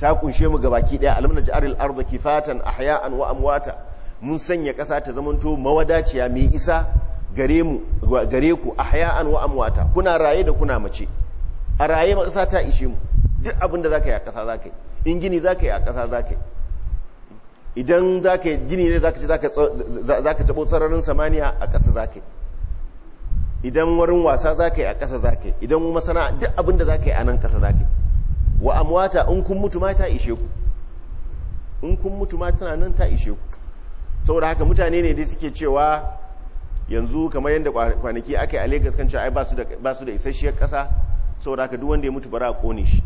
ta kunshe mu ga baki ɗaya alamna ja'aril arda kifatan ahya'an wa amwata mun sanya kasa ta zamanto mawadaciya mai isa gare mu gare ku ahya'an wa amwata kuna raye da kuna mace a raye ma ƙasa ta ishe mu duk abinda zaka yi a ƙasa zaka yi in gini za ka yi a ƙasa za ka yi idan za ka yi gini ne za ka ce za ka taɓo sararin samaniya a ƙasa za ka yi idan wurin wasa za ka yi a ƙasa za ka yi idan masana duk abin da za ka yi a nan ƙasa za ka yi wa amwata in kun mutu ma ta ishe ku in kun mutu ma tana nan ta ishe ku saboda haka mutane ne dai suke cewa yanzu kamar yadda kwanaki aka yi a lagos kan cewa ai ba su da isasshiyar ƙasa saboda haka duk wanda ya mutu bara a ƙone shi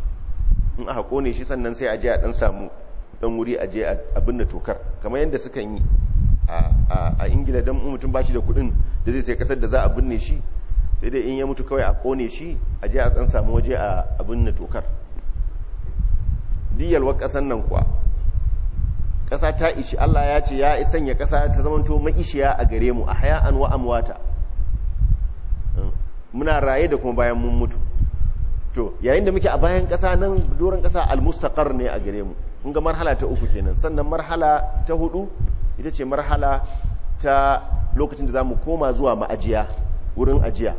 in aka kone shi sannan sai a je a dan samu dan wuri a a binne tokar kamar yadda suka yi a ingila don mutum ba shi da kudin da zai sai kasar da za a binne shi sai dai in ya mutu kawai a kone shi a je a dan samu waje a binne tokar diyalwar kasan nan kuwa kasa ta ishi Allah ya ce ya sanya kasa ta zamanto maishiya a gare mu a haya an wa amwata muna raye da kuma bayan mun mutu to yayin da muke a bayan ƙasa nan doron ƙasa almustakar ne a gare mu in ga marhala ta uku kenan sannan marhala ta hudu ita ce marhala ta lokacin da za mu koma zuwa ma'ajiya wurin ajiya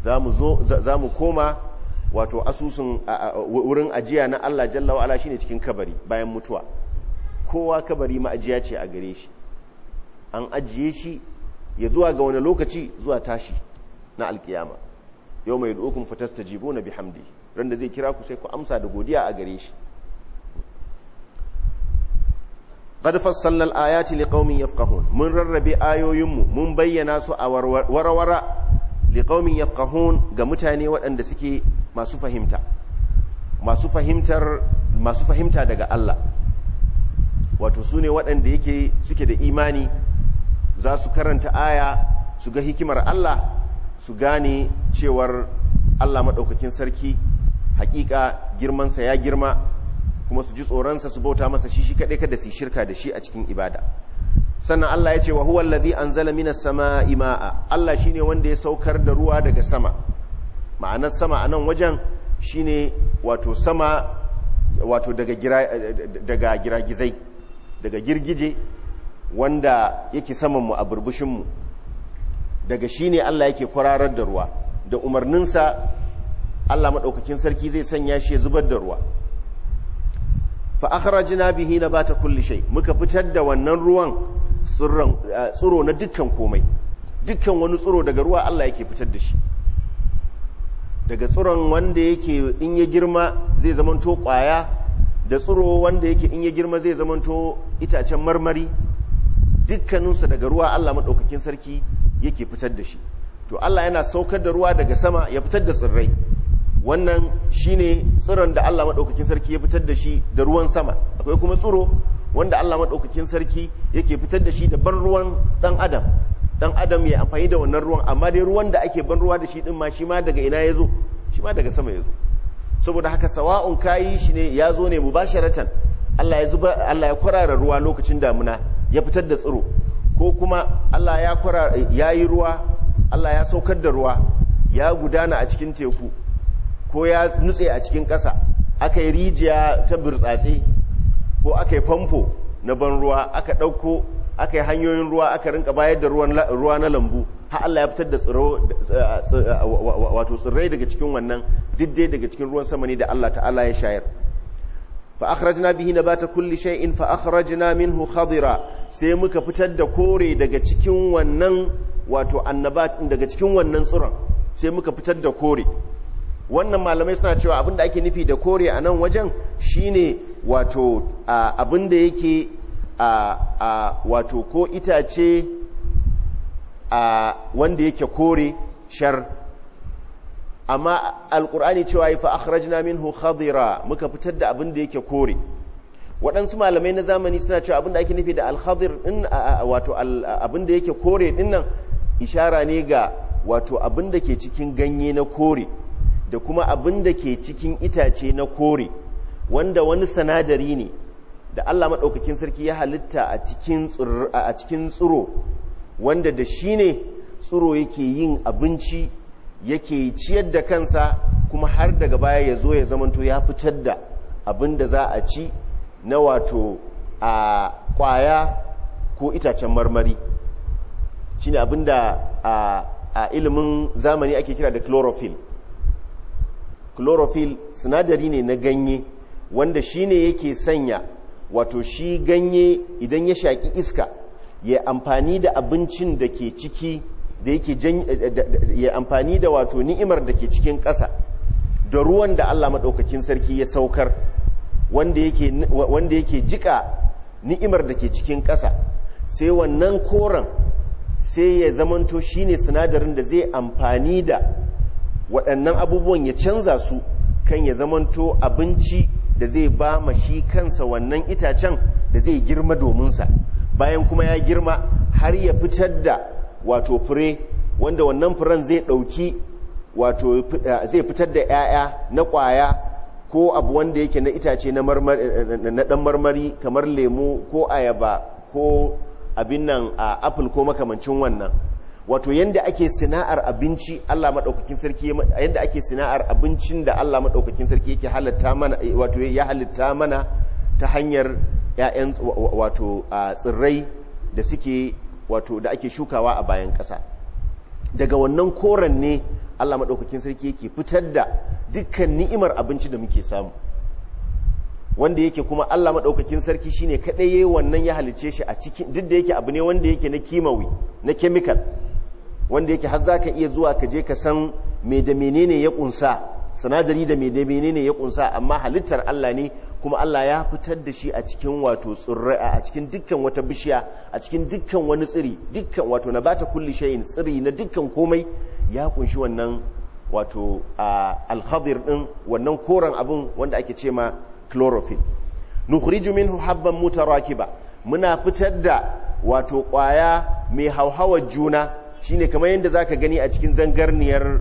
za mu koma wato asusun wurin ajiya na Allah jalla wa ala shine cikin kabari bayan mutuwa kowa kabari ma'ajiya ce a gare shi an ajiye shi ya zuwa ga wani lokaci zuwa tashi na alkiyama yau mai fatas ta jibo na bi hamdi randa zai kira ku sai ku amsa da godiya a gare shi qad fassalna al-ayati liqaumin yafqahun mun rarrabe ayoyinmu mun bayyana su a warwara liqaumin yafqahun ga mutane waɗanda suke masu fahimta masu fahimta daga Allah wato sune waɗanda yake suke da imani za su karanta aya su ga hikimar Allah su gane cewar Allah maɗaukakin sarki hakika girmansa ya girma kuma su ji tsoronsa su bauta masa shi shi kaɗai kada su shirka da shi a cikin ibada sannan Allah ya ce wa huwa an zala minas sama'i ma'a Allah shine wanda ya saukar da ruwa daga sama ma'anar sama a nan wajen shine wato sama wato daga gira daga giragizai daga girgije wanda yake samanmu a burbushinmu. daga shi ne Allah yake kwararar da ruwa da umarninsa Allah maɗaukakin sarki zai sanya shi zubar da ruwa fa akhrajna bihi nabata kulli shay muka fitar da wannan ruwan tsuro eh, na dukkan komai dukkan wani tsuro daga ruwa Allah yake fitar da shi daga tsiron wanda yake in ya girma zai zamanto kwaya da tsiro wanda yake in ya girma zai zamanto itacen marmari dukkaninsu daga ruwa Allah maɗaukakin sarki yake fitar da shi to Allah yana saukar da ruwa daga sama ya fitar da tsirrai wannan shine tsiron da Allah madaukakin sarki ya fitar da shi da ruwan sama akwai kuma tsiro wanda Allah madaukakin sarki yake fitar da shi da ban ruwan dan adam dan adam ya amfani da wannan ruwan amma dai ruwan da ake ban ruwa da shi din ma shi ma daga ina yazo shi ma daga sama yazo saboda haka sawa'un kayi shi ne zo ne mubasharatan Allah ya zuba Allah ya kwarara ruwa lokacin damuna ya fitar da tsiro ko kuma Allah ya kwara yi ruwa Allah ya saukar da ruwa ya gudana a cikin teku ko ya nutse a cikin ƙasa aka yi rijiya ta burtsatse ko aka yi famfo na ban ruwa aka ɗauko aka yi hanyoyin ruwa aka rinka bayar da ruwa na lambu har Allah ya fitar da tsiro eh, eh, wato tsirrai daga cikin wannan diddai daga cikin ruwan sama ne da Allah ta'ala ya shayar فأخرجنا به نبات كل شيء فأخرجنا منه خضرا sai muka fitar da kore daga cikin wannan wato annabat daga cikin wannan tsiron sai muka fitar da kore wannan malamai suna cewa abin da ake nufi da kore a nan wajen shine wato abin da yake wato ko itace wanda yake kore shar amma alkur'ani cewa ya fa na min khadira muka fitar da abin da yake kore waɗansu malamai na zamani suna cewa abin da ake nufi da alhadir din wato abin da yake kore ɗinnan ishara ne ga wato abin da ke cikin ganye na kore da kuma abin da ke cikin itace na kore wanda wani sanadari ne da Allah maɗaukakin sarki ya halitta a cikin tsiro wanda da shi ne tsiro yake yin abinci yake ciyar da kansa kuma har daga baya ya zo ya zamanto ya fitar da abin da za a ci na wato a kwaya ko itacen marmari shi ne abin da a ilimin zamani ake kira da chlorophyll chlorophyll sinadari ne na ganye wanda shi ne yake sanya wato shi ganye idan ya shaƙi iska ya amfani da abincin da ke ciki da yake eh, eh, ya amfani da wato ni'imar da ke cikin ƙasa da ruwan da Allah maɗaukakin sarki ya saukar wanda yake jika ni'imar da ke cikin ƙasa sai wannan koren sai ya zamanto ne sinadarin da zai amfani da waɗannan abubuwan ya canza su kan ya zamanto abinci da zai ba ma shi kansa wannan itacen da zai girma dominsa bayan kuma ya girma har ya fitar da wato fure wanda wannan furen zai dauki wato eh, zai fitar da 'ya'ya na kwaya ko abu wanda yake na itace na dan eh, marmari kamar lemu ko ayaba ko abin nan a apple ko makamancin wannan wato yanda ake sana'ar abinci Allah madaukakin sarki yanda ake sana'ar abincin da Allah madaukakin sarki yake halitta mana eh, wato ya halitta mana ta hanyar ƴaƴan wato tsirrai da suke wato da ake shukawa a bayan ƙasa daga wannan koren ne Allah maɗaukakin sarki yake fitar da dukkan ni'imar abinci da muke samu wanda yake kuma Allah maɗaukakin sarki shine kaɗai ya wannan ya halice shi a cikin duk da yake abu ne wanda yake na kimawi na kemikal wanda yake har za ka iya zuwa ka je ka san me da menene ya ƙunsa sinadari da menene ne ya kunsa amma halittar Allah ne kuma Allah ya fitar da shi a cikin wato tsirrai a cikin dukkan wata bishiya a cikin dukkan wani tsiri dukkan wato na nabata kulli shay'in tsiri na dukkan komai ya kunshi wannan wato alhadir din wannan koren abin wanda ake ce ma chlorophyll nukhriju minhu habban mutarakiba muna fitar da wato kwaya mai hauhawar juna shine kamar yadda zaka gani a cikin zangarniyar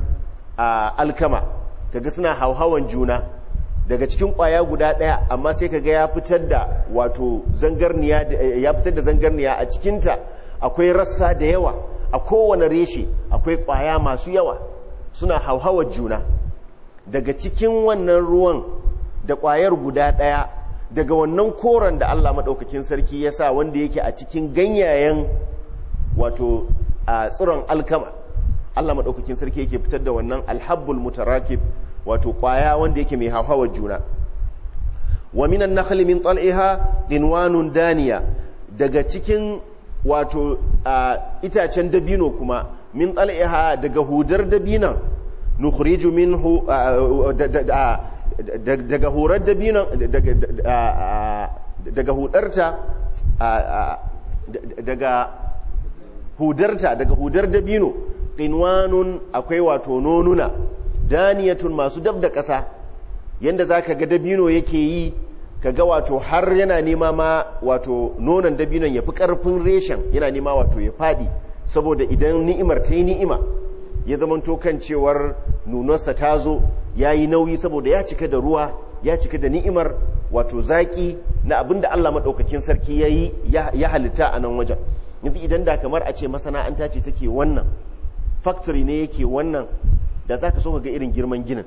alkama kaga suna hauhawan juna daga cikin kwaya guda daya amma sai kaga ya fitar da wato zangarniya eh, ya fitar da zangarniya a cikinta akwai rassa da yawa a kowane reshe akwai kwaya masu yawa suna hauhawar juna daga cikin wannan ruwan da kwayar guda daya daga wannan koren da Allah madaukakin sarki ya sa wanda yake a cikin ganyayen wato a tsiron alkama Allah maɗaukakin sarki yake fitar da wannan alhabbul mutarakib wato kwaya wanda yake mai hauhawar juna wa minan nakhli min tal'iha dinwanun daniya daga cikin wato itacen dabino kuma min tal'iha daga hudar dabinan nukhriju minhu daga horar dabinan daga hudarta daga hudarta daga hudar dabino qinwanun akwai wato nonuna daniyatun masu dab da ƙasa yanda ka ga dabino yake yi ka ga wato har yana nema ma wato nonon dabinon fi karfin reshen yana nema wato ya fadi saboda idan ni'imar ta yi ni'ima ya zamanto kan cewar nunarsa ta zo ya yi nauyi saboda ya cika da ruwa ya cika da ni'imar wato zaƙi na abin da Allah maɗaukakin sarki ya yi ya halitta a nan wajen yanzu idan da kamar a ce masana'anta ce take wannan factory ne yake wannan da za ka so ka ga irin girman ginin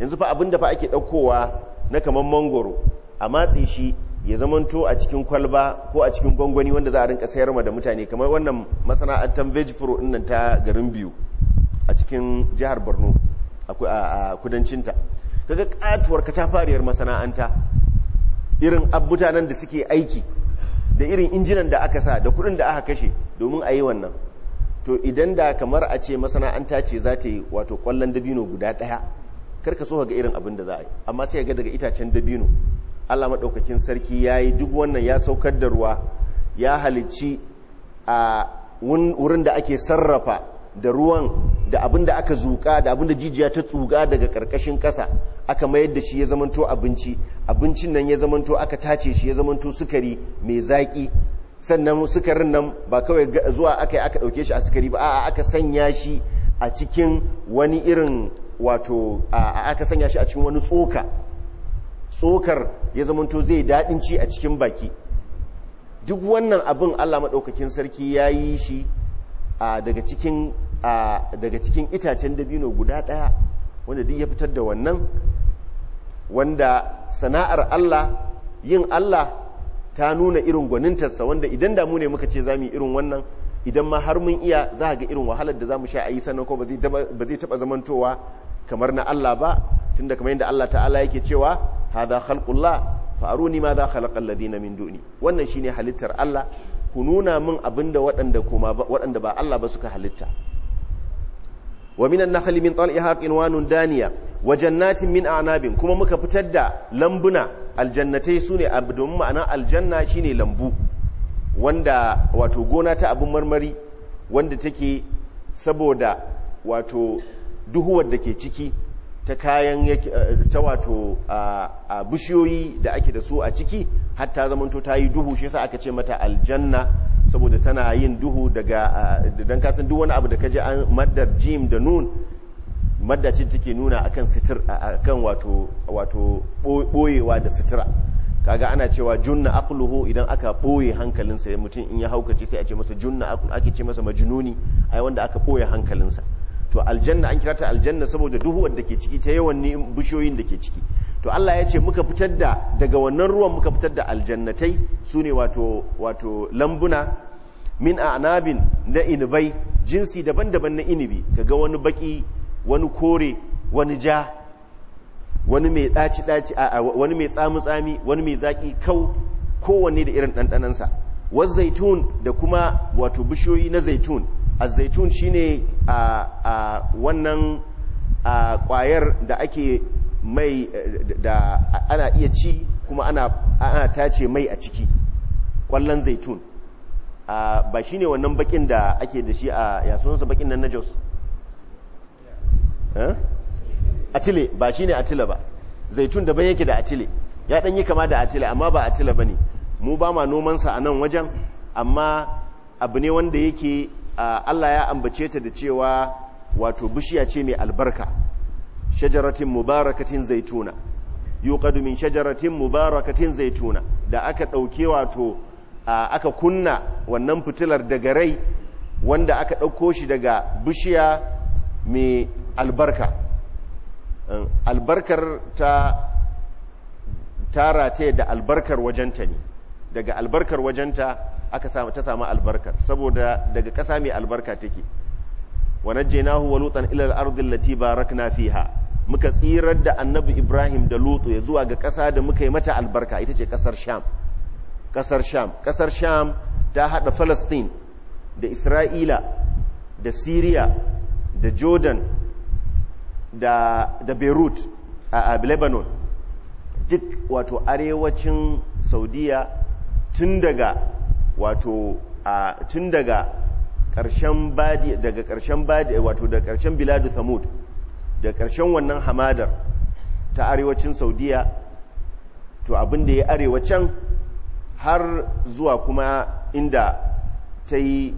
yanzu fa abinda fa ake ɗaukowa na kamar mangoro a matsi shi ya zamanto a cikin kwalba ko a cikin gwangwani wanda za a rinka sayar ma da mutane kamar wannan masana'antar veg furo nan ta garin biyu a cikin jihar borno a kudancinta kaga katuwar katafariyar masana'anta irin abutanen da suke aiki da irin injinan da aka sa da kudin da aka kashe domin a yi wannan to idan da kamar a ce masana'anta ce za ta yi wato kwallon dabino guda ɗaya karka so ga irin abin da za a yi amma sai ga daga itacen dabino allah maɗaukakin sarki ya yi duk wannan ya saukar da ruwa ya halicci a wurin da ake sarrafa da ruwan da abin da aka zuƙa da abin da jijiya ta tsuga daga ƙarƙashin ƙasa aka mayar da shi ya zamanto abinci abincin nan ya zamanto aka tace shi ya zamanto sukari mai zaƙi sannan sukarin nan ba kawai zuwa aka yi aka ɗauke shi a sukari ba a'a aka sanya shi a cikin wani irin wato aka sanya shi a cikin wani tsoka tsokar ya zamanto zai daɗin ci a cikin baki duk wannan abin allah maɗaukakin sarki ya yi shi daga cikin itacen dabino guda ɗaya wanda duk ya fitar da wannan wanda sana'ar allah yin allah ta nuna irin gwanintarsa wanda idan damu ne muka ce za mu irin wannan idan ma har mun iya za ga irin wahalar da za mu sha a yi sannan ko ba zai taɓa zamantowa kamar na Allah ba tunda kamar yadda Allah ta'ala yake cewa ha za halƙulla fa ni ma za khalaqa alladhina min duni wannan shine halittar Allah ku nuna min abinda da waɗanda ba Allah ba suka halitta wa minan nahli min tal'iha qinwanun daniya wa jannatin min a'nabin kuma muka fitar da lambuna aljannatai sune abdum ma'ana aljanna shine lambu wanda wato gona ta abun marmari wanda take saboda wato duhuwar da ke ciki ta kayan eh, ta wato a bishiyoyi da ake da su a ciki hatta zamanto ta yi duhu shi sa aka ce mata aljanna saboda tana yin duhu daga don kasan duk wani abu da kaji an maddar jim da nun maddacin take nuna akan kan wato wato boyewa da sitira kaga ana cewa junna akuluhu idan aka boye hankalinsa ya mutum in ya haukace sai a ce masa junna ake ce masa majnuni a wanda aka boye hankalinsa to aljanna an kirata aljanna saboda duhuwar da ke ciki ta yawan bishiyoyin da ke ciki to Allah ya ce muka fitar da daga wannan ruwan muka fitar da aljannatai su ne wato wato lambuna min anabin na inibai jinsi daban-daban na inibi kaga wani baki wani kore wani ja wani mai daci a wani mai tsamu tsami wani mai zaki kau kowanne da irin ɗanɗanansa wasu zaitun da kuma wato bishiyoyi na zaitun azaitun shine a wannan kwayar da ake mai da ana iya ci kuma ana ana tace mai a ciki kwallon zaitun ba shine wannan bakin da ake da shi a yasunsa bakin nan na Jos eh? atile ba shine atile ba zaitun da daban yake da atile ya dan yi kama da atile amma ba atile bane mu ba ma nomansa a nan wajen amma abu ne wanda yake Allah ya ambace ta da cewa wato bishiya ce mai albarka shajaratin mubarakatin zaituna yuqadu min shajaratin mubarakatin zaituna da aka dauke wato aka kunna wannan fitilar daga rai wanda aka dauko shi daga bishiya mai albarka albarkar ta tara ta da albarkar wajenta ne daga albarkar wajenta aka samu ta samu albarkar saboda daga ƙasa mai albarka take wa najjaynahu wa lutan ila al-ardi allati barakna fiha muka tsirar da annabi Ibrahim da Lutu ya zuwa ga ƙasa da muka yi mata albarka ita ce ƙasar Sham ƙasar Sham ƙasar Sham ta hada Palestine da Isra'ila da Syria da Jordan da da Beirut a, a Lebanon duk wato arewacin Saudiya tun daga wato tun daga karshen badi daga ƙarshen badi wato da karshen biladu thamud da ƙarshen wannan hamadar ta arewacin saudiya to abin da ya arewacin har zuwa kuma inda ta yi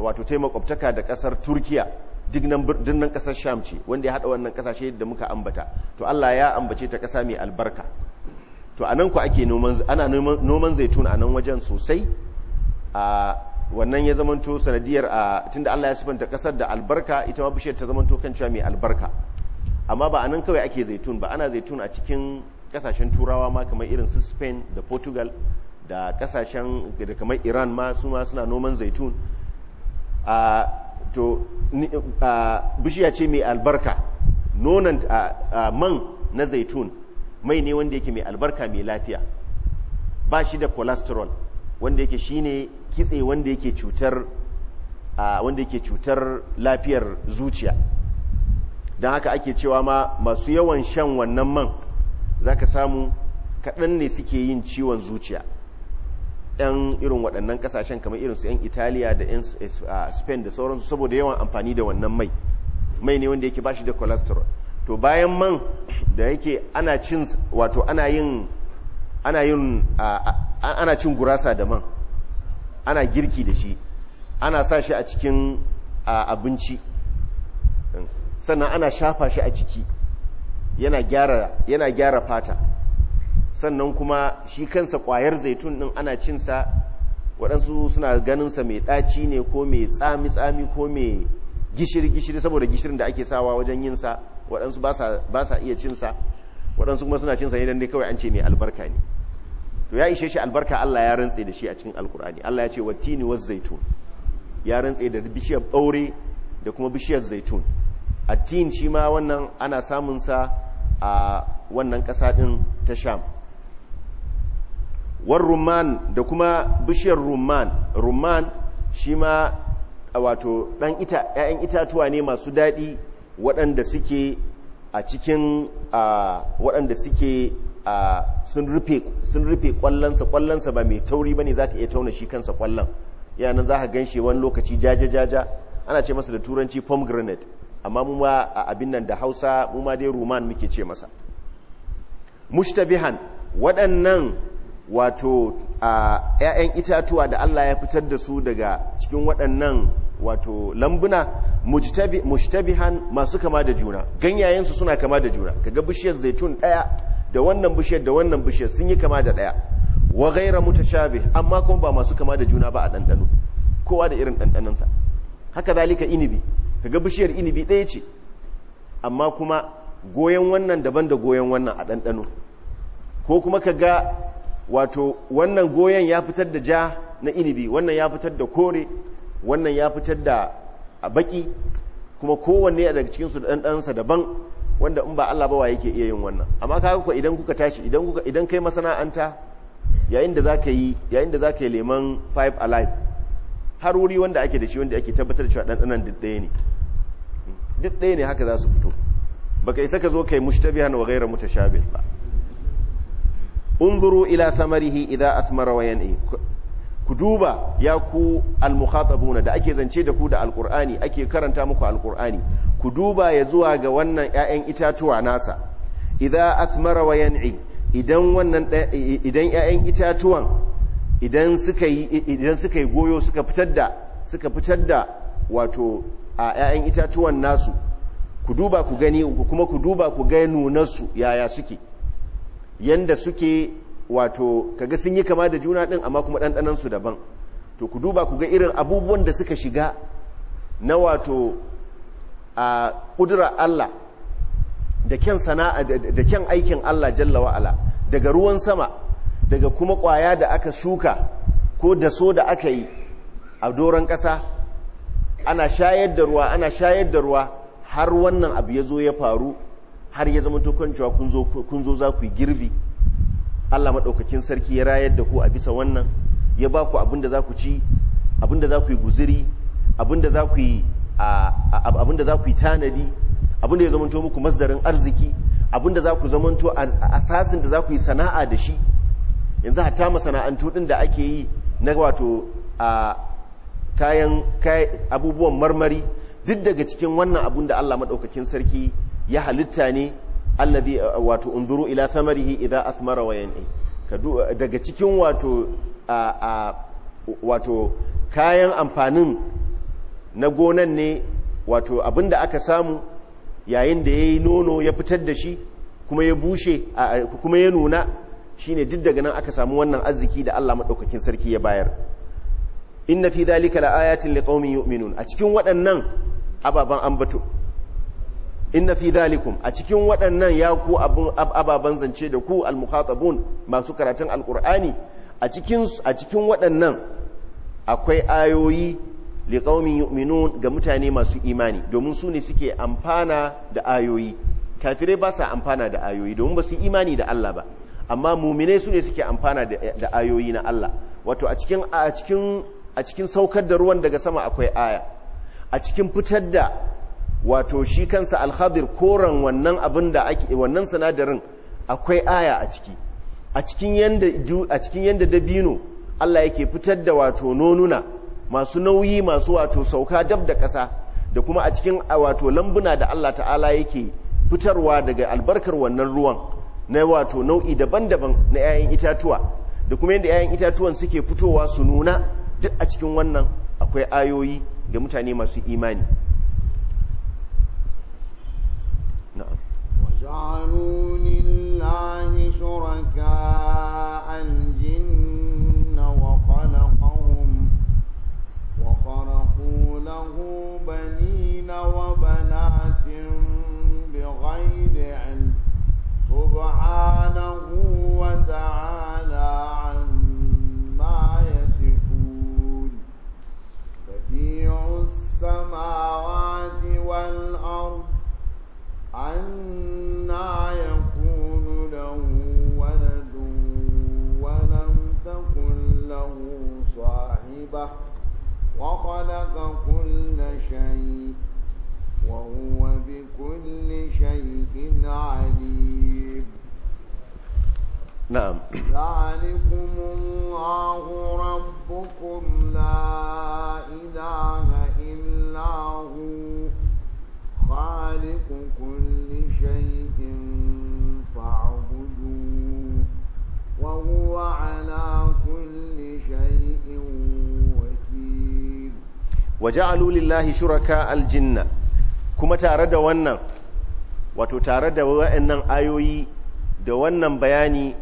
wato ta yi makwabtaka da kasar turkiya dinnan ƙasar sham ce wanda ya haɗa wannan ƙasashe da muka ambata to allah ya ambace ta ƙasa mai albarka to anan ku ake noman ana noman zaitun anan wajen sosai a wannan ya zamanto sanadiyar a tunda Allah ya sifanta kasar da albarka ita ma bishiyar ta zamanto kan cewa mai albarka amma ba a nan kawai ake zaitun ba ana zaitun a cikin kasashen turawa ma kamar irin su Spain da Portugal da kasashen da kamar Iran ma su ma suna noman zaitun a to bishiya ce mai albarka nonan man na zaitun mai ne wanda yake mai albarka mai lafiya ba shi da cholesterol wanda yake ne kitse wanda yake cutar wanda yake cutar lafiyar zuciya don haka ake cewa ma masu yawan shan wannan man za ka samu kaɗan ne suke yin ciwon zuciya ɗan irin waɗannan ƙasashen kamar irin su yan italiya da yan spain da sauransu saboda yawan amfani da wannan mai mai ne wanda yake shi da cholesterol to bayan man da yake ana cin wato ana yin ana yin ana cin gurasa da man ana girki da shi ana sa shi a cikin abinci um, sannan ana shafa shi a ciki yana gyara yana gyara fata sannan kuma shi kansa kwayar zaitun din ana cin sa waɗansu suna ganin sa mai ɗaci ne ko mai tsami tsami ko mai gishiri gishiri saboda gishirin da ake sawa wajen yin sa waɗansu ba sa iya cinsa waɗansu kuma suna cinsa idan dai kawai an ce mai albarka ne to ya ishe shi albarka Allah ya rantse da shi a cikin alkur'ani Allah ya ce wa tini wasu zaitun ya rantse da bishiyar ɓaure da kuma bishiyar zaitun a tin shi ma wannan ana samunsa a wannan ƙasa ɗin ta sham war rumman da kuma bishiyar rumman rumman shi ma wato ɗan ita ‘ya'yan itatuwa ne masu daɗi waɗanda suke a cikin waɗanda suke sun rufe ƙwallonsa ƙwallonsa ba mai tauri ba ne za ka iya tauna shi kansa ƙwallon yanar za ka gan wani lokaci jajajaja ana ce masa da turanci pomegranate amma mu ma a abin nan da hausa mu ma dai roman muke ce masa mushtabihan waɗannan wato ‘ya'yan itatuwa da Allah ya fitar da su daga cikin waɗannan wato lambuna mushtabihan masu kama da juna ganyayensu suna kama da juna kaga bishiyar zaitun ɗaya da wannan bishiyar da wannan bishiyar sun yi kama da ɗaya wa gaira mutashabih amma kuma ba masu kama da juna ba a ɗanɗano kowa da irin ɗanɗanonsa haka zalika inibi kaga bishiyar inibi ɗaya ce amma kuma goyon wannan daban da goyon wannan a ɗanɗano ko kuma kaga wato wannan goyon ya fitar da ja na inibi wannan ya fitar da kore wannan ya fitar da baki kuma kowanne daga cikinsu da ɗanɗansa daban wanda in ba Allah ba wa yake iya yin wannan amma kaga ku idan kuka tashi idan kuka kai masana'anta yayin da zaka yi yayin da zaka yi leman five alive har wuri wanda ake da shi wanda ake tabbatar cewa ɗanɗanan duk ɗaya ne duk ɗaya ne haka za su fito baka isa ka zo kai mushtabihan wa ghayra mutashabih ba unzuru ila samarihi idza asmara wa yan'i ku duba ya ku almukhatabuna da ake zance da ku da alqur'ani ake karanta muku alqur'ani kuduba ya zuwa ga wannan ƴaƴan itatuwa nasa idza asmara wa yan'i idan wannan idan ƴaƴan itatuwan idan suka yi idan suka yi goyo suka fitar da suka fitar da wato a ƴaƴan itatuwan nasu kuduba ku gani kuma ku duba ku ga nunansu yaya suke yanda suke wato kaga sun yi kama da juna din amma kuma ɗanɗanan su daban to ku duba ku ga irin abubuwan da suka shiga na wato a ƙudura Allah da kyan sana'a da kyan aikin Allah jalla wa'ala daga ruwan sama daga kuma ƙwaya da aka shuka ko da so da aka yi a doron ƙasa ana shayar da ruwa ana shayar da ruwa har wannan abu ya zo ya faru har ya zama kan cewa kun zo za ku yi girbi Allah maɗaukakin sarki ya rayar da ku a bisa wannan ya ba ku abinda za ku ci abinda za ku yi guziri abinda za ku yi tanadi abinda ya zamanto muku masdarin arziki abinda za ku zamanto asasin da za ku yi sana'a da shi yanzu hata masana'antu din da ake yi na wato a kayan abubuwan marmari duk daga cikin wannan abun da Allah maɗaukakin sarki ya halitta ne allazi uh, wato unzuru ila thamarihi idza athmara wa yan'i uh, daga cikin wato uh, wato kayan amfanin na gonan ne wato abinda aka samu yayin da yayi nono ya fitar da shi kuma ya bushe kuma ya nuna shine duk daga nan aka samu wannan arziki da Allah madaukakin sarki ya bayar inna fi dhalika laayatin liqaumin yu'minun a cikin waɗannan ababan ambato inna fi dhalikum a cikin waɗannan ya ku abun ababan zance da ku al al-mukhatabun masu karatun al-qur'ani a cikin a cikin waɗannan akwai ayoyi liqaumin yu'minun ga mutane masu imani domin su ne suke amfana da ayoyi kafirai ba sa amfana da ayoyi domin ba su imani da Allah ba amma muminai su ne suke amfana da ayoyi na Allah wato a cikin a cikin a cikin saukar da ruwan daga sama akwai aya a cikin fitar da wato shi kansa alhadir koren wannan abin da ake wannan sanadarin akwai aya a ciki a cikin yanda dabino Allah yake fitar da wato nonuna masu nauyi masu wato sauka dab da ƙasa da kuma a cikin wato lambuna da Allah ta'ala yake fitarwa daga albarkar wannan ruwan na wato nau'i daban-daban na 'ya'yan itatuwa da kuma yadda 'ya'yan itatuwan suke fitowa su nuna duk a cikin wannan akwai ayoyi ga mutane masu imani جعلوا لله شركاء الجن وخلقهم وخرقوا له بنين وبنات بغير علم سبحانه وتعالى عما يصفون بديع السماوات والأرض أنا يكون له ولد ولم تكن له صاحبة وخلق كل شيء وهو بكل شيء عليم نعم ذلكم الله ربكم لا إله إلا هو خالق كل شيء فاعبدوه وهو على كل شيء وكيل وجعلوا لله شركاء الجن كما wannan wato tare da wa'annan ayoyi da wannan bayani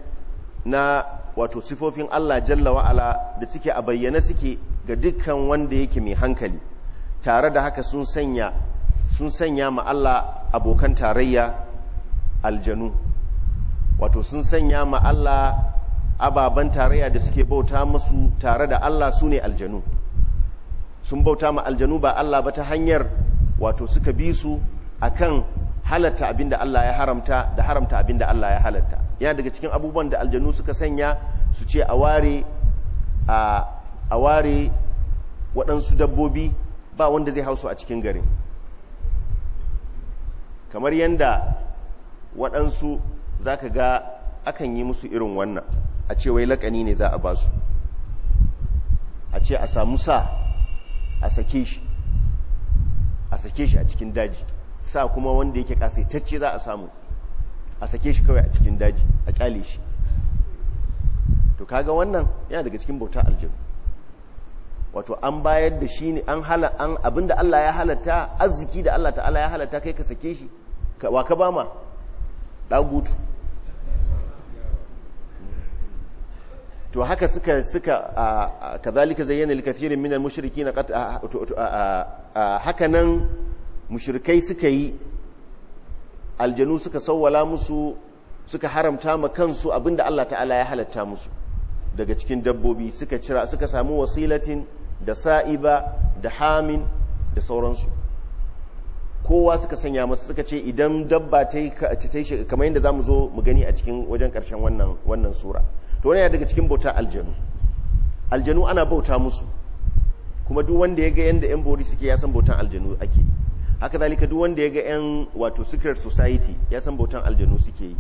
na wato sifofin Allah jalla wa da suke a bayyana suke ga dukkan wanda yake mai hankali tare da haka sun sanya sun sanya ma Allah abokan tarayya aljanu wato sun sanya ma Allah ababen tarayya da suke bauta musu tare da Allah su ne aljanu sun bauta ma aljanu ba Allah ba ta hanyar wato suka bi su kan halatta abinda Allah ya haramta da haramta abinda Allah ya halatta yana daga cikin abubuwan da aljanu suka sanya su ce a ware a ware waɗansu dabbobi ba wanda zai hausu a cikin garin kamar yadda waɗansu za ka ga akan yi musu irin wannan a ce wai laƙani ne za a ba su a ce a samu sa a sake shi a sake shi a cikin daji sa kuma wanda yake kasaitacce za a samu a sake shi kawai a cikin daji a ƙyale shi to kaga wannan yana daga cikin bauta aljanu wato an bayar da shi ne an hala an abinda Allah ya halatta arziki da Allah ta'ala ya halatta kai ka sake shi wa ka bama dagutu to haka suka suka kazalika zayyana likathirin minal mushrikin haka nan mushrikai suka yi aljanu suka sawwala musu suka haramta ma kansu abinda Allah ta'ala ya halatta musu daga cikin dabbobi suka cira suka samu wasilatin da sa'iba da hamin da sauransu kowa suka sanya masa suka ce idan dabba ta yi kamar yadda za mu zo mu gani a cikin wajen karshen wannan sura to wani daga cikin bauta aljanu aljanu ana bauta musu kuma duk wanda ya ga yadda 'yan bori suke ya san bautan aljanu ake yi haka zalika duk wanda ya ga 'yan wato secret society ya san bautan aljanu suke yi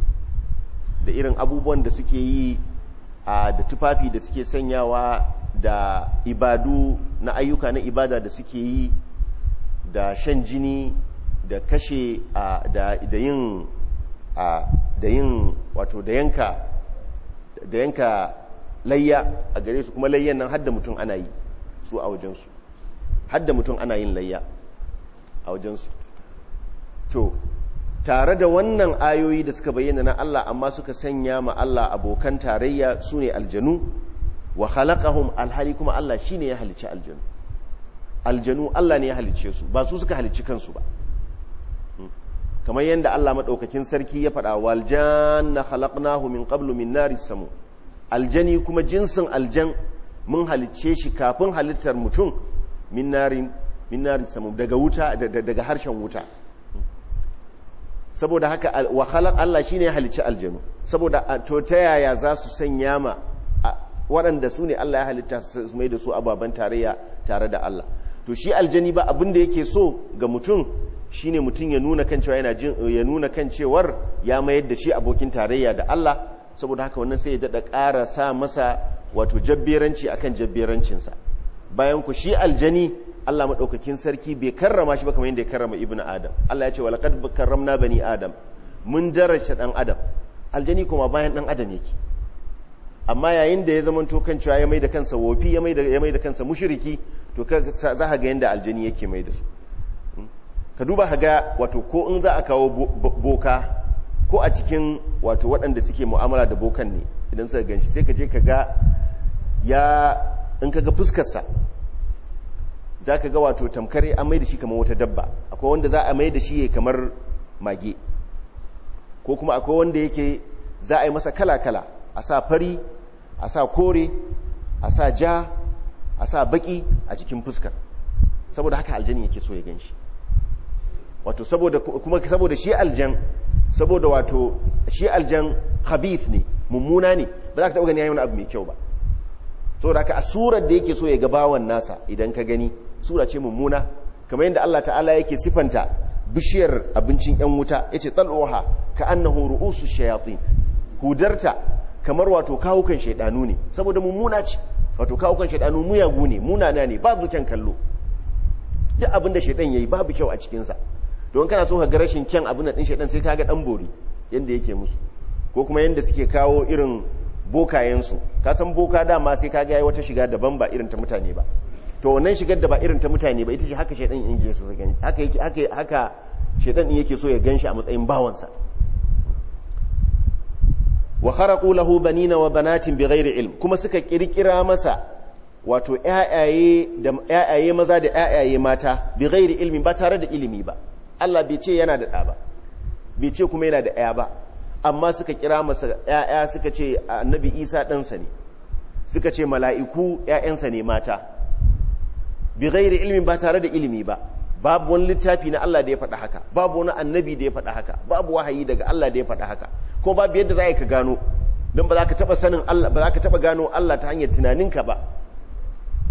da irin abubuwan da suke yi da tufafi da suke sanyawa da ibadu na ayyuka na ibada da suke yi da shan jini da kashe da yin da yin wato da yanka da yanka layya a gare su kuma layyan nan hadda mutum ana yi su a wajensu hadda mutum ana yin layya a wajensu to tare da wannan ayoyi da suka bayyana na Allah amma suka sanya ma Allah abokan tarayya su ne aljanu wa khalaqahum alhali kuma Allah shine ya halicci aljanu aljanu Allah ne ya halicce su ba su suka halicci kansu ba hmm. kamar yadda Allah madaukakin sarki ya fada wal janna khalaqnahu min qablu min naris samu aljani kuma jinsin aljan mun halicce shi kafin halittar mutum min narin min naris samu daga wuta daga harshen wuta hmm. saboda haka wa khalaq Allah shine ya halicci aljanu saboda to ta yaya za su sanya ma waɗanda su ne Allah ya halitta su mai da su ababen tarayya tare da Allah to shi aljani ba abin da yake so ga mutum shine mutum ya nuna kan cewa yana jin ya nuna kan cewar ya mayar da shi abokin tarayya da Allah saboda haka wannan sai ya dada ƙara sa masa wato jabberanci akan jabberancin sa bayan ku shi aljani Allah madaukakin sarki bai karrama shi ba kamar yadda ya karrama ibnu adam Allah ya ce walaqad karramna bani adam mun daraja dan adam aljani kuma bayan dan adam yake amma yayin da ya zama tokan cewa ya mai da kansa wofi ya mai da kansa mushiriki to za ka ga yadda aljini yake mai da su hmm? ka duba haga ga wato ko in za a kawo boka ko a cikin wato waɗanda suke mu'amala da bokan ne idan suka ganshi sai ka je ka ga ya in ka ga fuskarsa za ka ga wato tamkar an mai da shi kamar wata dabba akwai wanda za a mai da shi kamar mage ko kuma akwai wanda yake za a yi masa kala-kala a sa fari a sa kore a sa ja a sa baki a jikin fuskar saboda haka aljan yake so ya gan shi wato saboda shi aljan saboda wato shi aljan habith ne mummuna ne ba za ka taɓa gani wani abu mai kyau ba saboda haka a surar da yake so ya ga bawan nasa idan ka gani sura ce mummuna kamar yadda Allah ta'ala yake sifanta bishiyar abincin yan wuta ya ce talwaha ka annahu ru'usu shayatin hudarta kamar wato kawukan shaidanu ne saboda mummuna ce wato kawukan shaidanu muyagu ne munana ne babu kyan kallo duk abin da shaidan yi babu kyau a cikinsa don kana so ka ga rashin kyan abin da ɗin shaidan sai kaga ɗan bori yadda yake musu ko kuma yadda suke kawo irin bokayensu ka san boka dama sai kaga yayi wata shiga daban ba irin ta mutane ba to wannan shigar da ba irin ta mutane ba ita ce haka shaidan yake so ya gan shi so ya ganshi a matsayin bawansa wa kharaqu lahu banina wa banatin bighairi ilm kuma suka kirkira masa wato ayaye da ayaye maza da ayaye mata bighairi ilmi ba tare da ilimi ba Allah bai ce yana da da ba bai ce kuma yana da ɗaya ba amma suka kira masa ayaya suka ce annabi Isa sa ne suka ce mala'iku ayyansa ne mata bighairi ilmi ba tare da ilimi ba babu wani littafi na Allah da ya faɗa haka babu wani annabi da ya faɗa haka babu wahayi daga Allah da ya faɗa haka ko babu yadda za ka gano don ba za ka taɓa sanin Allah ba za ka taɓa gano Allah ta hanyar tunaninka ba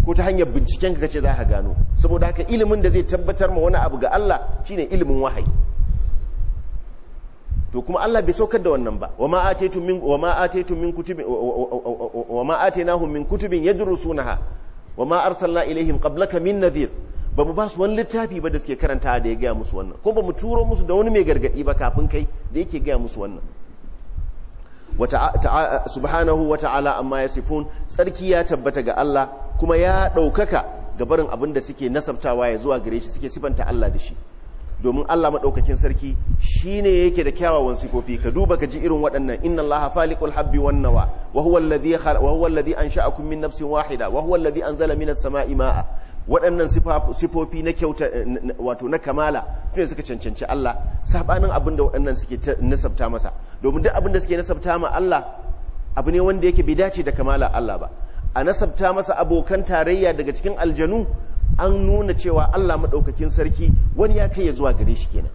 ko ta hanyar binciken ka ce za ka gano saboda haka ilimin da zai tabbatar ma wani abu ga Allah shine ilimin wahayi to kuma Allah bai saukar da wannan ba wama ataytum min ataytum min kutubin wama atainahum min kutubin yadrusunaha arsalna ilaihim qablaka min nadhir ba mu ba su wani littafi ba da suke karanta da ya gaya musu wannan ko ba mu turo musu da wani mai gargadi ba kafin kai da yake gaya musu wannan subhanahu wa ta'ala amma ya sifun tsarki ya tabbata ga Allah kuma ya ɗaukaka ga barin abin da suke nasabtawa ya zuwa gare shi suke sifanta Allah da shi domin Allah maɗaukakin sarki shi ne yake da kyawawan sifofi ka duba ka ji irin waɗannan inna Allah faliqul habbi wan nawa wa huwa alladhi wa huwa min nafsin wahida wa huwa alladhi anzala minas sama'i ma'a waɗannan sifofi na kyauta wato na kamala ne suka cancanci Allah sabanin abin da waɗannan suke nasabta masa domin duk abin da suke nasabta ma Allah abu ne wanda yake bai dace da kamala Allah ba a nasabta masa abokan tarayya daga cikin aljanu an nuna cewa Allah maɗaukakin sarki wani ya kai ya zuwa gare shi kenan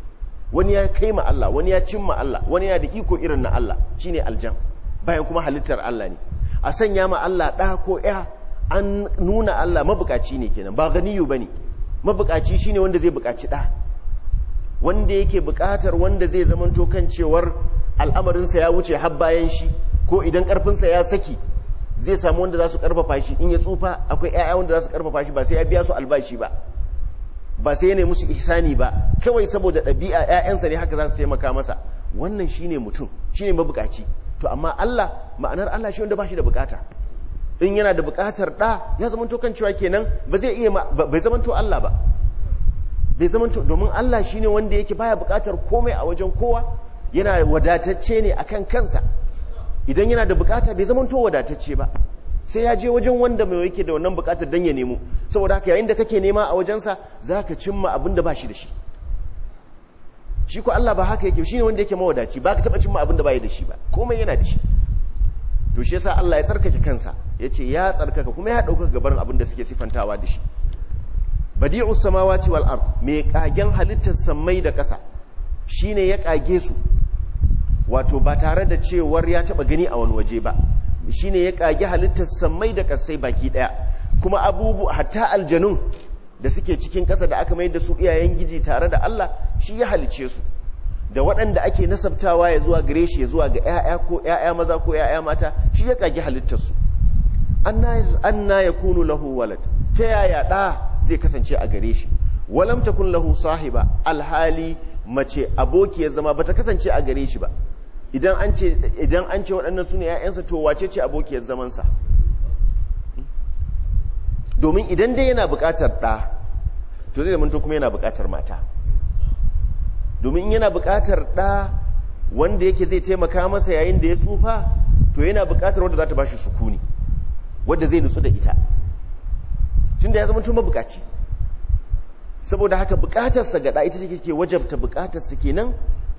wani ya kai ma Allah wani ya cimma Allah wani ya da iko irin na Allah shine aljan bayan kuma halittar Allah ne a sanya ma Allah ɗa ko ya an nuna Allah mabukaci ne kenan ba ganiyu bane mabukaci shine wanda zai bukaci da wanda yake bukatar wanda zai zamanto kan cewar al'amarinsa ya wuce har bayan shi ko idan ƙarfinsa ya saki zai samu wanda za su karfafa shi in ya tsufa akwai ƴaƴa wanda za su karfafa shi ba sai ya biya su albashi ba ba sai ya musu ihsani ba kawai saboda ɗabi'a ƴaƴansa ne haka za su taimaka masa wannan shine mutum shine mabukaci to amma Allah ma'anar Allah shi wanda ba shi da bukata in yana da bukatar ɗa ya zamanto kan cewa kenan ba zai iya bai zamanto Allah ba bai zamanto domin Allah shine wanda yake baya buƙatar komai a wajen kowa yana wadatacce ne akan kansa idan yana da buƙata bai zamanto wadatacce ba sai ya je wajen wanda mai yake da wannan buƙatar dan ya nemo saboda haka yayin da kake nema a wajensa zaka cimma abin da ba shi da shi shi ko Allah ba haka yake shine wanda yake mawadaci ba ka taɓa cimma abin da ba da shi ba komai yana da shi to shi yasa Allah ya tsarkake kansa yace ya tsarkaka kuma ya dauka gabarin abin da suke sifantawa da shi badi'us samawati wal ard me kagen halittar samai da kasa shine ya kage su wato ba tare da cewar ya taba gani a wani waje ba shine ya kage halittar samai da kasai baki daya kuma abubu hatta aljanun da suke cikin kasa da aka mai da su iyayen giji tare da Allah shi ya halice su da waɗanda ake nasabtawa ya zuwa gare shi ya zuwa ga ‘ya'ya ko ‘ya'ya maza ko ‘ya'ya mata shi ya ƙage halittarsu an na ya kunu lahu walad ta yaya ɗa zai kasance a gare shi walam kun lahu sahiba alhali mace aboki ya zama ba ta kasance a gare shi ba idan an ce waɗannan su ‘ya'yansa to wace ce aboki ya zamansa domin idan dai yana buƙatar ɗa to zai to kuma yana buƙatar mata domin yana bukatar ɗa wanda yake zai taimaka masa yayin da ya tsufa to yana bukatar wanda za ta ba shi sukuni wanda zai nutsu da ita tun da ya zama tun mabukaci saboda haka bukatarsa ga ɗa ita ce ke wajabta bukatarsa kenan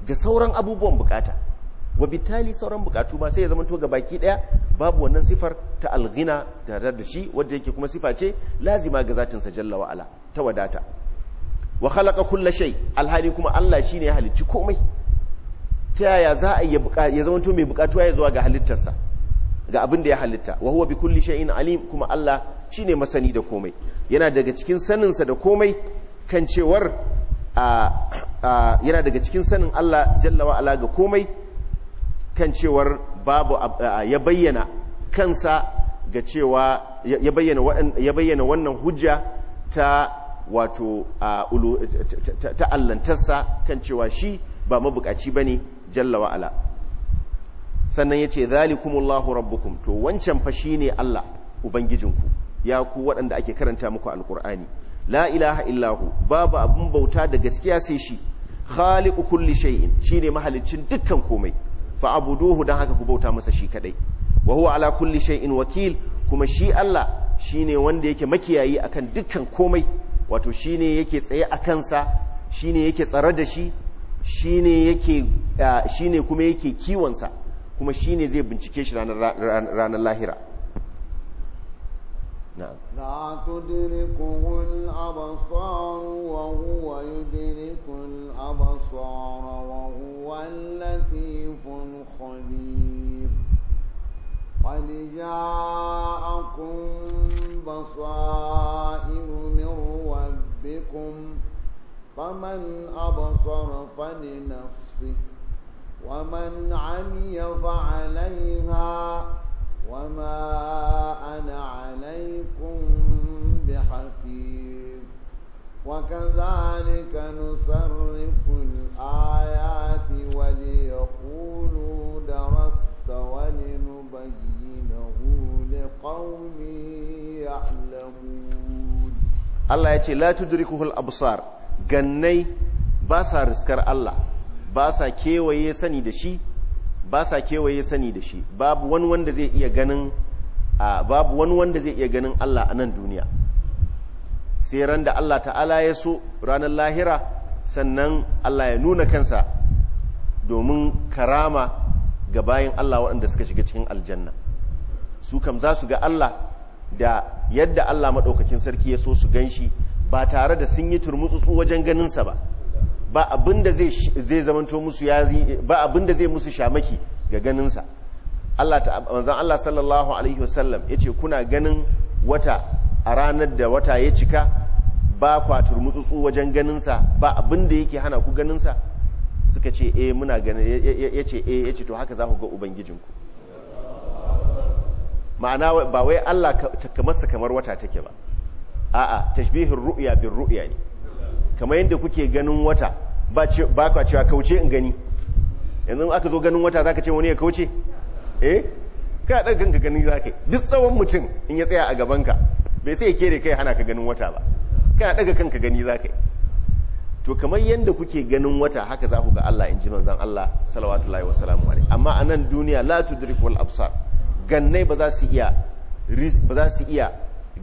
ga sauran abubuwan bukata wa bitali sauran bukatu ba sai ya zama to ga baki ɗaya babu wannan sifar ta alghina da shi wadda yake kuma sifa ce lazima ga zatinsa jalla wa'ala ta wadata wa khalaqa kulla shai alhali kuma Allah shine ya halicci komai ta yaya za a yi ya zamanto mai bukatu ya zuwa ga halittarsa ga abin da ya halitta wa huwa bi kulli shay'in alim kuma Allah shine masani da komai yana daga cikin saninsa da komai kan cewar yana daga cikin sanin Allah jalla ala ga komai kan cewar babu ya bayyana kansa ga cewa ya bayyana wannan hujja ta wato ta'allantarsa kan cewa shi ba mabukaci ba ne jalla wa'ala sannan ya ce zalikumullahu rabbukum to wancan fashi ne Allah ubangijinku ya ku waɗanda ake karanta muku alkur'ani la ilaha illahu babu abin bauta da gaskiya sai shi khaliqu kulli shay'in shine mahalicin dukkan komai fa abuduhu dan haka ku bauta masa shi kadai wa huwa ala kulli shay'in wakil kuma shi Allah shine wanda yake makiyayi akan dukkan komai wato shine yake tsaye a kansa shine yake tsare da shi shine kuma yake kiwonsa kuma ne zai bincike shi ranar lahira نعم لا تدركه الأبصار وهو يدرك الأبصار وهو اللطيف الخبير البصائر من ربكم فمن أبصر فلنفسه ومن عمي فعليها وما أنا عليكم بحفيظ وكذلك نصرف الآيات وليقولوا درست ولنبينه لقومه Allah ya ce latu durikuhul absar gannai ba sa riskar Allah ba sa kewaye sani da shi ba sa kewaye sani da shi babu wani wanda zai iya ganin babu wani wanda zai iya ganin Allah a nan duniya sai ran da Allah ta'ala ya so ranar lahira sannan Allah ya nuna kansa domin karama ga bayin Allah waɗanda suka shiga cikin aljanna su kam za su ga Allah da yadda Allah maɗaukakin sarki ya so su gan shi ba tare da sun yi turmutsutsu wajen ganinsa ba ba abin da zai musu ya ba abin da zai musu shamaki ga ganinsa Allah ta Allah sallallahu alaihi wasallam ce kuna ganin wata a ranar da wata ya cika ba kwa turmutsutsu wajen ganinsa ba abin da yake hana ku ganinsa suka ce eh muna ganin ya e eh ce to haka za ku ga ubangijinku ma'ana ba wai Allah kamarsa kamar wata take ba a'a tashbihin ru'ya bin ru'ya ne kamar yadda kuke ganin wata ba ka cewa kauce in gani yanzu aka zo ganin wata zaka ce wani ya kauce eh ka dan kanka gani zaka duk tsawon mutum in ya tsaya a gabanka bai sai ya kere kai hana ka ganin wata ba ka daga kanka gani zaka to kamar yadda kuke ganin wata haka za ku ga Allah in ji manzon Allah sallallahu alaihi wasallam amma anan duniya la tudrikul absar gannai ba za su iya ba za su iya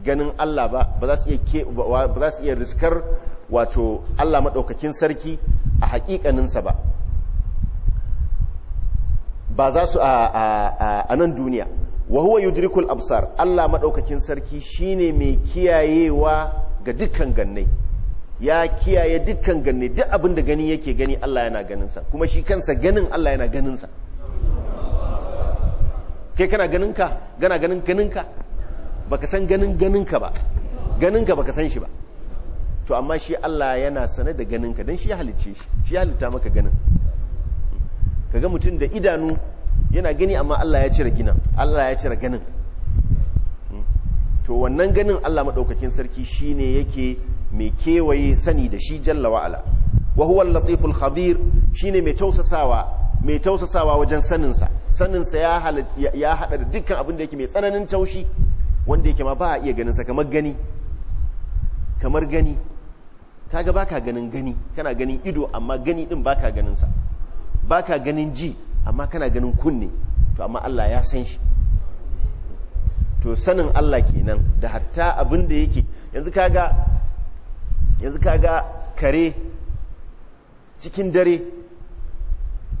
ganin Allah ba ba za su iya ke ba za su iya riskar wato Allah madaukakin sarki a hakikaninsa ba ba za su a nan duniya wa huwa yudrikul absar Allah madaukakin sarki shine mai kiyayewa ga dukkan gannai ya kiyaye dukkan ganne duk abin da gani yake gani Allah yana ganin sa kuma shi kansa ganin Allah yana ganin sa. kai kana ganin ka gana ganin ganin ka baka san ganin ganin ka ba ganin ka baka san shi ba to amma shi Allah yana sane da ganin ka dan shi ya halicce shi shi ya halitta maka ganin kaga mutum da idanu yana gani amma Allah ya cire gina Allah ya cire ganin hmm. to wannan ganin Allah madaukakin sarki shine yake mai kewaye sani da shi jalla wa'ala wa huwa al-latiful khabir shine mai tausasawa mai tausasawa wajen saninsa saninsa ya haɗa da dukkan abin da yake mai tsananin taushi wanda yake ma ba a iya ganinsa kamar gani kamar gani kaga baka ganin gani kana ganin ido amma gani din baka ganinsa ka ganin ji amma kana ganin kunne to amma Allah ya san shi to sanin Allah kenan da hatta abin da yake yanzu yanzu kaga kare cikin dare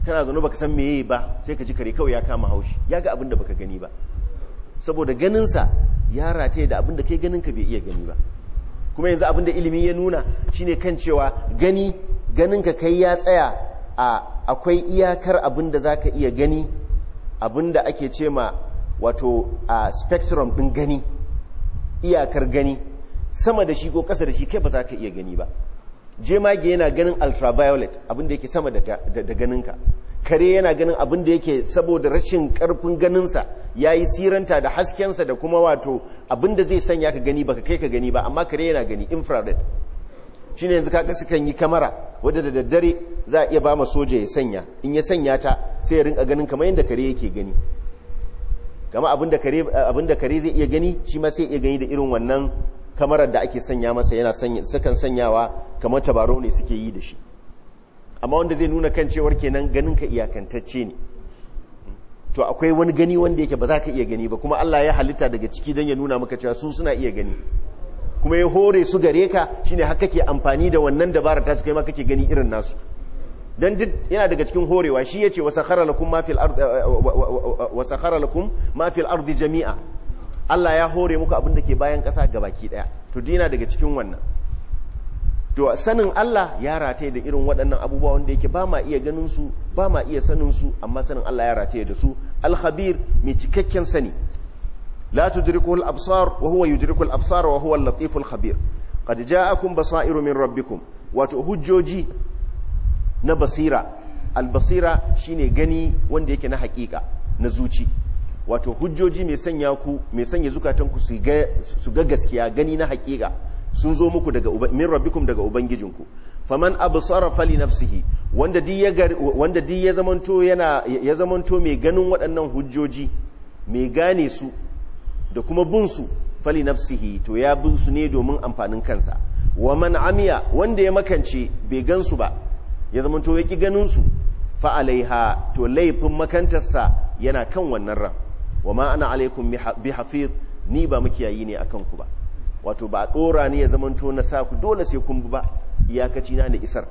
kana zaune baka san meye ba sai ka ji kare kawai ya kama haushi ya ga abin da baka gani ba saboda ganinsa ya rataye da abin da kai ganin ka bai iya gani ba kuma yanzu abin da ilimi ya nuna shine kan cewa gani ganin ka kai ya tsaya a akwai iyakar abin da zaka iya gani abin da ake ce ma wato a spectrum din gani iyakar gani sama da shi ko ƙasa da shi kai ba za ka iya gani ba jemage yana ganin ultraviolet abin da yake sama da ganinka kare yana ganin abin yake saboda rashin karfin ganinsa ya yi siranta da haskensa da kuma wato abin da zai sanya ka gani baka kai ka gani ba amma kare yana gani infrared shi ne yanzu kaga su yi kamara wadda da daddare za a iya ba ma soja ya sanya in ya sanya ta sai ya rinka ganin kamar yadda kare yake gani kama abin da kare zai iya gani shi ma sai iya gani da irin wannan kamarar da ake sanya masa yana sukan sanyawa kamar tabarau ne suke yi da shi amma wanda zai nuna kan cewar kenan ganin ka iyakantacce ne to akwai wani gani wanda yake ba za ka iya gani ba kuma Allah ya halitta daga ciki don ya nuna maka cewa su suna iya gani kuma ya hore su gare ka shine haka kake amfani da wannan dabara ta kai ma kake gani irin nasu dan duk yana daga cikin horewa shi yace wasakhara lakum ma fil ardi wasakhara lakum ma fil ardi jami'a Allah ya hore muku abin da ke bayan ƙasa baki ɗaya to dina daga cikin wannan to sanin Allah ya rataye da irin waɗannan abubuwa wanda yake ba ma iya ganin su ba ma iya sanin su amma sanin Allah ya rataye da su al-khabir mai cikakken sani la tudrikul absar wa huwa yudrikul absar wa huwa al-latiful khabir qad ja'akum basairu min rabbikum wato hujjoji na basira al-basira shine gani wanda yake na haƙiƙa na zuci wato hujjoji mai sanya ku mai sanya zukatan ku su ga gaskiya gani na haƙiƙa sun zo muku daga min rabbikum daga ubangijinku faman absara fali nafsihi wanda di ya wanda di ya zamanto yana ya zamanto mai ganin waɗannan hujjoji mai gane su da kuma bin su fali nafsihi to ya bin su ne domin amfanin kansa wa amiya wanda ya makance bai gansu ba ya zamanto ya ki ganin su fa alaiha to laifin makantarsa yana kan wannan ran wa ma ana alaikum bi hafiz ni ba makiyayi ne akan ku ba wato ba dora ne ya zamanto na sa dole sai kun ba iyakaci na ne isar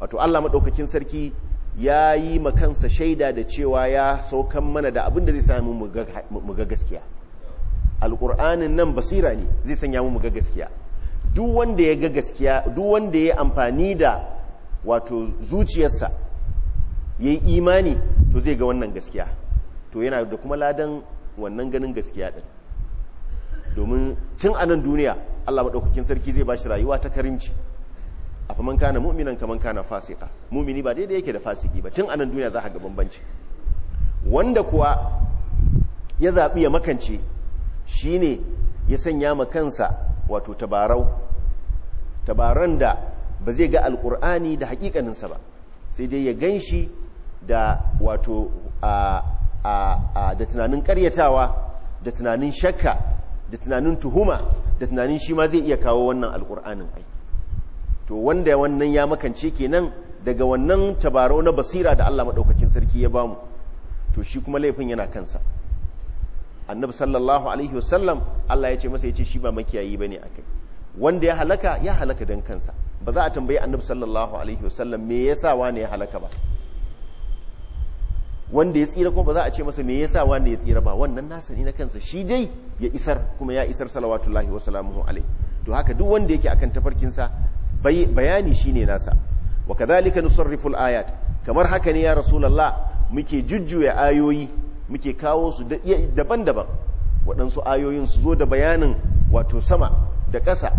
wato Allah madaukakin sarki ya yi kansa shaida da cewa ya saukan mana da abin da zai sami mu ga gaskiya alqur'anin nan basira ne zai sanya mu ga gaskiya duk wanda ya ga gaskiya duk wanda ya amfani da wato zuciyarsa yayi imani to zai ga wannan gaskiya to yana da kuma ladan wannan ganin gaskiya ɗin domin tun a duniya Allah maɗaukakin sarki zai ba shi rayuwa ta karimci a faman kana mu'minan kaman kana fasika mu'mini ba daidai yake da fasiki ba tun anan nan duniya za ka ga bambanci wanda kuwa ya zaɓi ya makance shi ne ya sanya ma kansa wato tabarau tabaran da ba zai ga alƙur'ani da haƙiƙaninsa ba sai dai ya gan shi da wato a da tunanin karyatawa da tunanin shakka da tunanin tuhuma da tunanin shi ma zai iya kawo wannan alkur'anin ai to wanda wannan ya makance kenan daga wannan tabaro na basira da Allah madaukakin sarki ya bamu to shi kuma laifin yana kansa annabi sallallahu alaihi wasallam Allah ya ce masa ya ce shi ba makiyayi bane akai wanda ya halaka ya halaka dan kansa ba za a tambayi annabi sallallahu alaihi wasallam me yasa wani ya halaka ba wanda ya tsira kuma ba za a ce masa me yasa wanda ya tsira ba wannan nasa ne na kansa shi dai ya isar kuma ya isar salawatullahi wa salamuhu alai to haka duk wanda yake akan tafarkin sa bayani shine nasa wa kadhalika nusarrifu alayat kamar haka ne ya rasulullah muke jujjuya ayoyi muke kawo su daban-daban waɗansu ayoyin su zo da bayanin wato sama da ƙasa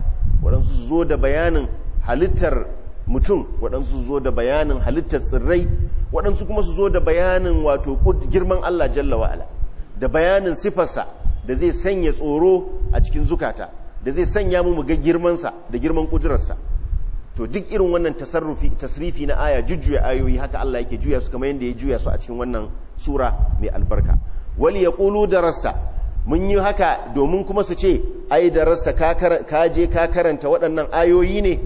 waɗansu su zo da bayanin halittar mutum waɗansu zo da bayanin halittar tsirrai waɗansu kuma su zo da bayanin wato girman Allah jalla wa'ala da bayanin sifarsa da zai sanya tsoro a cikin zukata da zai sanya mu ga girmansa da girman ƙudurarsa to duk irin wannan tasrifi na aya jujjuya ayoyi haka Allah yake juya su kamar yadda ya juya su a cikin wannan sura mai albarka wali da darasta mun yi haka domin kuma su ce ai darasta ka ka je ka karanta waɗannan ayoyi ne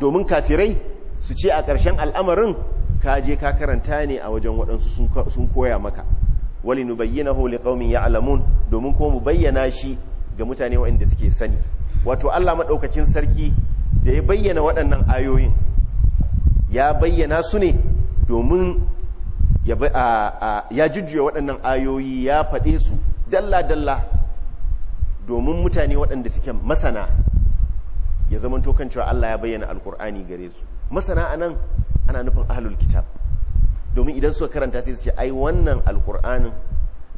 domin kafirai su ce a ƙarshen al'amarin ka je ka karanta ne a wajen waɗansu sun koya maka wali ƙaumin ya alamun domin kuma mu bayyana shi ga mutane waɗanda suke sani wato Allah maɗaukakin sarki da ya bayyana waɗannan ayoyin ya bayyana su ne domin ya jujjuya waɗannan ayoyi ya faɗe su dalla-dalla domin mutane waɗanda suke masana ya zama tokan cewa Allah ya bayyana alkur'ani gare su masana anan ana nufin ahlul kitab domin idan suka karanta sai su ce ai wannan alkur'anin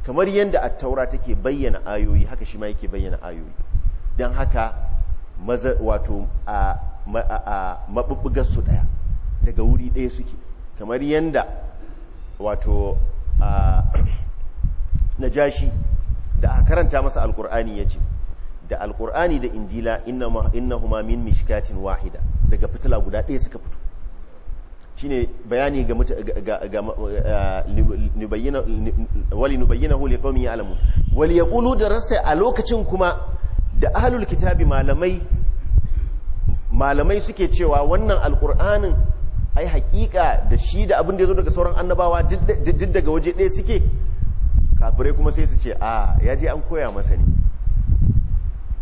kamar yadda attaura take bayyana ayoyi haka shi ma yake bayyana ayoyi don haka wato a mabubbugar su daya daga wuri daya suke kamar yadda wato najashi da aka karanta masa alkur'ani ya ce da alkur'ani da injila innahuma min mishkatin wahida daga fitila guda ɗaya suka fito shine bayani ga ga nubayyana eh, wali nubayyinahu liqaumin ya'lamun wali yaqulu darasta a lokacin kuma da ahlul kitabi malamai malamai suke cewa wannan alkur'anin ai hakika da shi da abin da ya zo daga sauran annabawa duk daga waje ɗaya suke kafirai kuma sai su ce a ya je an koya masa ne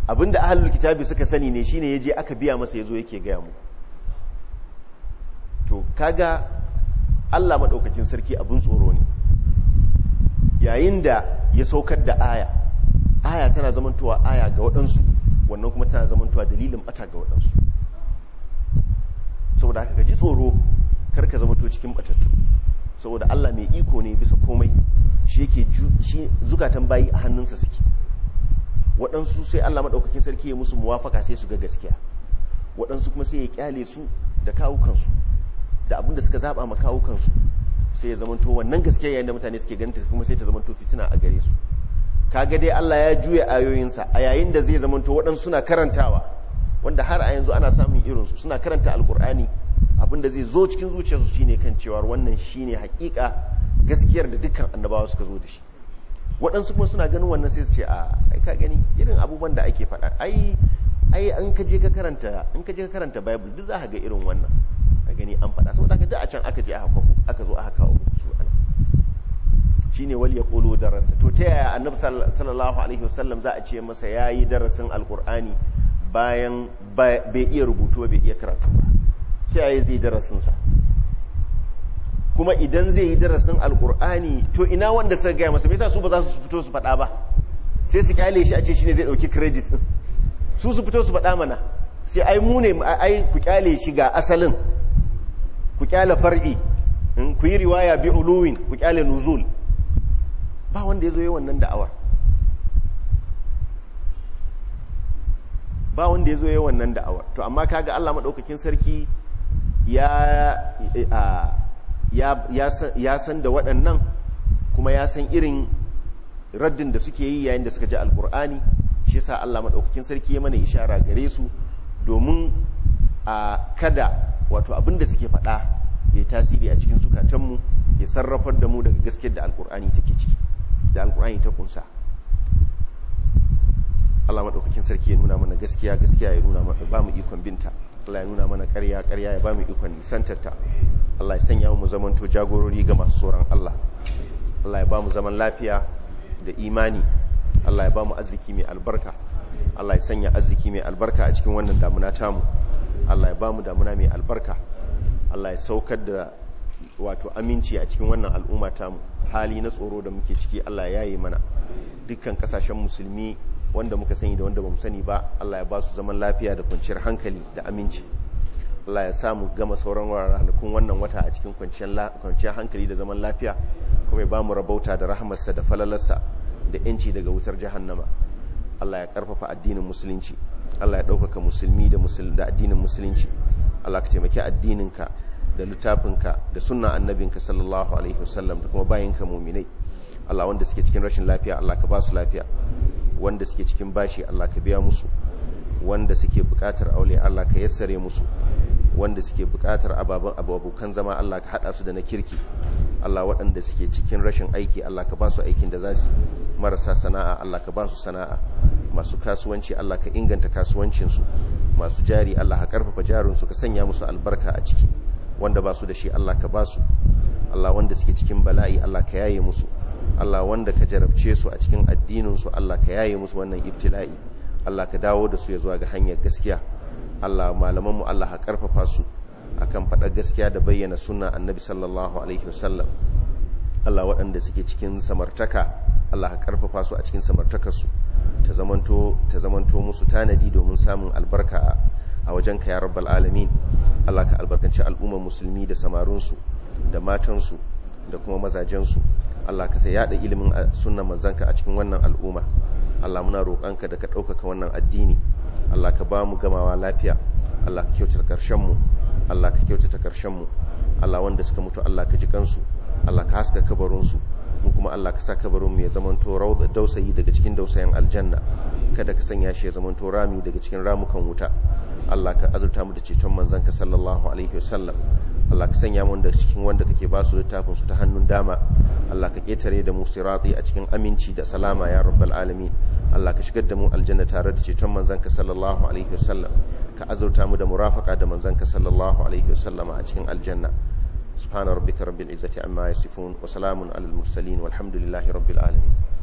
abinda ahalul kitabi suka sani ne shine yaje aka biya masa yazo yake gaya muku to kaga Allah madaukakin sarki abun tsoro ne yayin da ya saukar da aya aya tana zamantowa aya ga waɗansu wannan kuma tana zamantowa dalilin bata ga waɗansu saboda haka ji tsoro karka zamanto cikin batattu saboda Allah mai iko ne bisa komai shi yake zukatan bayi a hannunsa suke waɗansu sai Allah maɗaukakin sarki ya musu muwafaka sai su ga gaskiya waɗansu kuma sai ya kyale su da kawukansu da abin da suka zaba ma kawukansu sai ya zamanto wannan gaskiya yayin da mutane suke ganin ta kuma sai ta zamanto fitina a gare su kaga dai Allah ya juya ayoyinsa a yayin da zai zamanto waɗansu suna karantawa wanda har a yanzu ana samun irinsu suna karanta alkur'ani abin da zai zo cikin zuciyarsu shine kan cewa wannan shine hakika gaskiyar da dukkan annabawa suka zo da shi waɗansu kuma suna ganin wannan sai su ce a ai ka gani irin abubuwan da ake faɗa ai ai an ka je ka karanta an ka je ka karanta bible duk za ka ga irin wannan ka gani an faɗa saboda ka duk a can aka je aka kwafo aka zo aka kawo su ana shine wal yaqulu darasta to ta yaya annabi sallallahu alaihi wasallam za a ce masa yayi darasin alqur'ani bayan bai iya rubutu bai iya karatu ba ta yaya zai darasin sa kuma idan zai yi darasin alkur'ani to ina wanda suka gaya masa mesa su ba za su fito su faɗa ba sai su kyale shi a ce shine zai ɗauki credit din su su fito su faɗa mana sai ai mu ne ai ku kyale shi ga asalin ku kyale far'i hmm, ku yi riwaya bi uluwin ku kyale nuzul ba wanda ya zo yi wannan da'awar ba wanda ya zo yi wannan da'awar to amma kaga Allah madaukakin sarki ya ya san da waɗannan kuma ya san irin raddin da suke yi yayin da suka ji alkur'ani shi sa Allah maɗaukakin sarki ya mana ishara gare su domin a kada wato abin da suke faɗa ya yi tasiri a cikin sukatanmu ya sarrafar da mu daga gaskiyar da alkur'ani take ciki da alkur'ani ta kunsa Allah maɗaukakin sarki ya nuna mana gaskiya gaskiya ya nuna mana ba mu ikon binta Allah ya nuna mana ƙarya ƙarya ya ba mu ikon nisantarta Allah ya sanya mu to jagorori ga masu tsoron Allah Allah ya ba mu zaman lafiya da imani Allah ya ba mu arziki mai albarka Allah ya sanya arziki mai albarka a cikin wannan damuna tamu Allah ya ba mu damuna mai albarka Allah ya saukar da wato aminci a cikin wannan al'umma tamu hali na tsoro da muke ciki Allah ya yi mana dukkan kasashen musulmi wanda muka sani da wanda mu sani ba Allah ya ba su zaman lafiya da kwanciyar hankali da aminci Allah ya samu gama sauran kun wannan wata a cikin kwanciyar hankali da zaman lafiya kuma ya ba mu rabauta da rahamarsa da falalarsa da yanci daga wutar jahannama Allah ya karfafa addinin musulunci Allah ya ɗaukaka musulmi da addinin musulunci Allah ka taimaki addininka da littafinka da sunna annabinka sallallahu alaihi wasallam da kuma bayinka muminai Allah wanda suke cikin rashin lafiya Allah ka ba su lafiya wanda suke cikin bashi Allah ka biya musu wanda suke bukatar aure Allah ka yassare musu wanda suke bukatar ababen kan zama Allah ka hada su da na kirki Allah waɗanda suke cikin rashin aiki Allah ka ba su aikin da za su marasa sana'a Allah ka ba su sana'a masu kasuwanci Allah ka inganta kasuwancinsu masu jari Allah ka karfafa jarinsu ka sanya musu albarka a ciki wanda ba su da shi Allah ka ba su Allah wanda suke cikin bala'i Allah ka yaye musu Allah wanda ka jarabce su a cikin addininsu Allah ka yaye musu wannan ibtila'i Allah ka dawo da su ya zuwa ga hanyar gaskiya Allah malamanmu Allah ka karfafa su akan faɗar gaskiya da bayyana sunna annabi sallallahu alaihi wasallam Allah waɗanda suke cikin samartaka Allah ka karfafa su a cikin samartakarsu ta zamanto ta zamanto musu tanadi domin samun albarka a wajen ka ya rabbal alamin Allah ka albarkanci al'ummar musulmi da samarunsu da matansu da kuma mazajensu Allah ka sai yada ilimin sunnan manzanka a cikin wannan al'umma Allah muna roƙanka da ka ɗaukaka wannan addini Allah ka ba mu gamawa lafiya Allah ka kyautata ƙarshen mu Allah ka kyautata ƙarshen mu Allah wanda suka mutu Allah ka ji kansu Allah ka haska kabarinsu. su mu kuma Allah ka sa kabarin mu ya zamanto dausayi daga cikin dausayin aljanna kada ka sanya shi ya zamanto rami daga cikin ramukan wuta Allah ka azurta mu da ceton manzanka sallallahu alaihi wasallam Allah ka sanya mu da cikin wanda kake ba su littafin su ta hannun dama Allah ka ketare da mu sirati a cikin aminci da salama ya rabbal alamin Allah ka shigar da mu aljanna tare da ceton manzanka sallallahu alaihi wasallam ka azurta mu da murafaka da manzanka sallallahu alaihi wasallam a cikin aljanna subhana rabbika rabbil izzati amma yasifun wa salamun alal mursalin walhamdulillahi rabbil alamin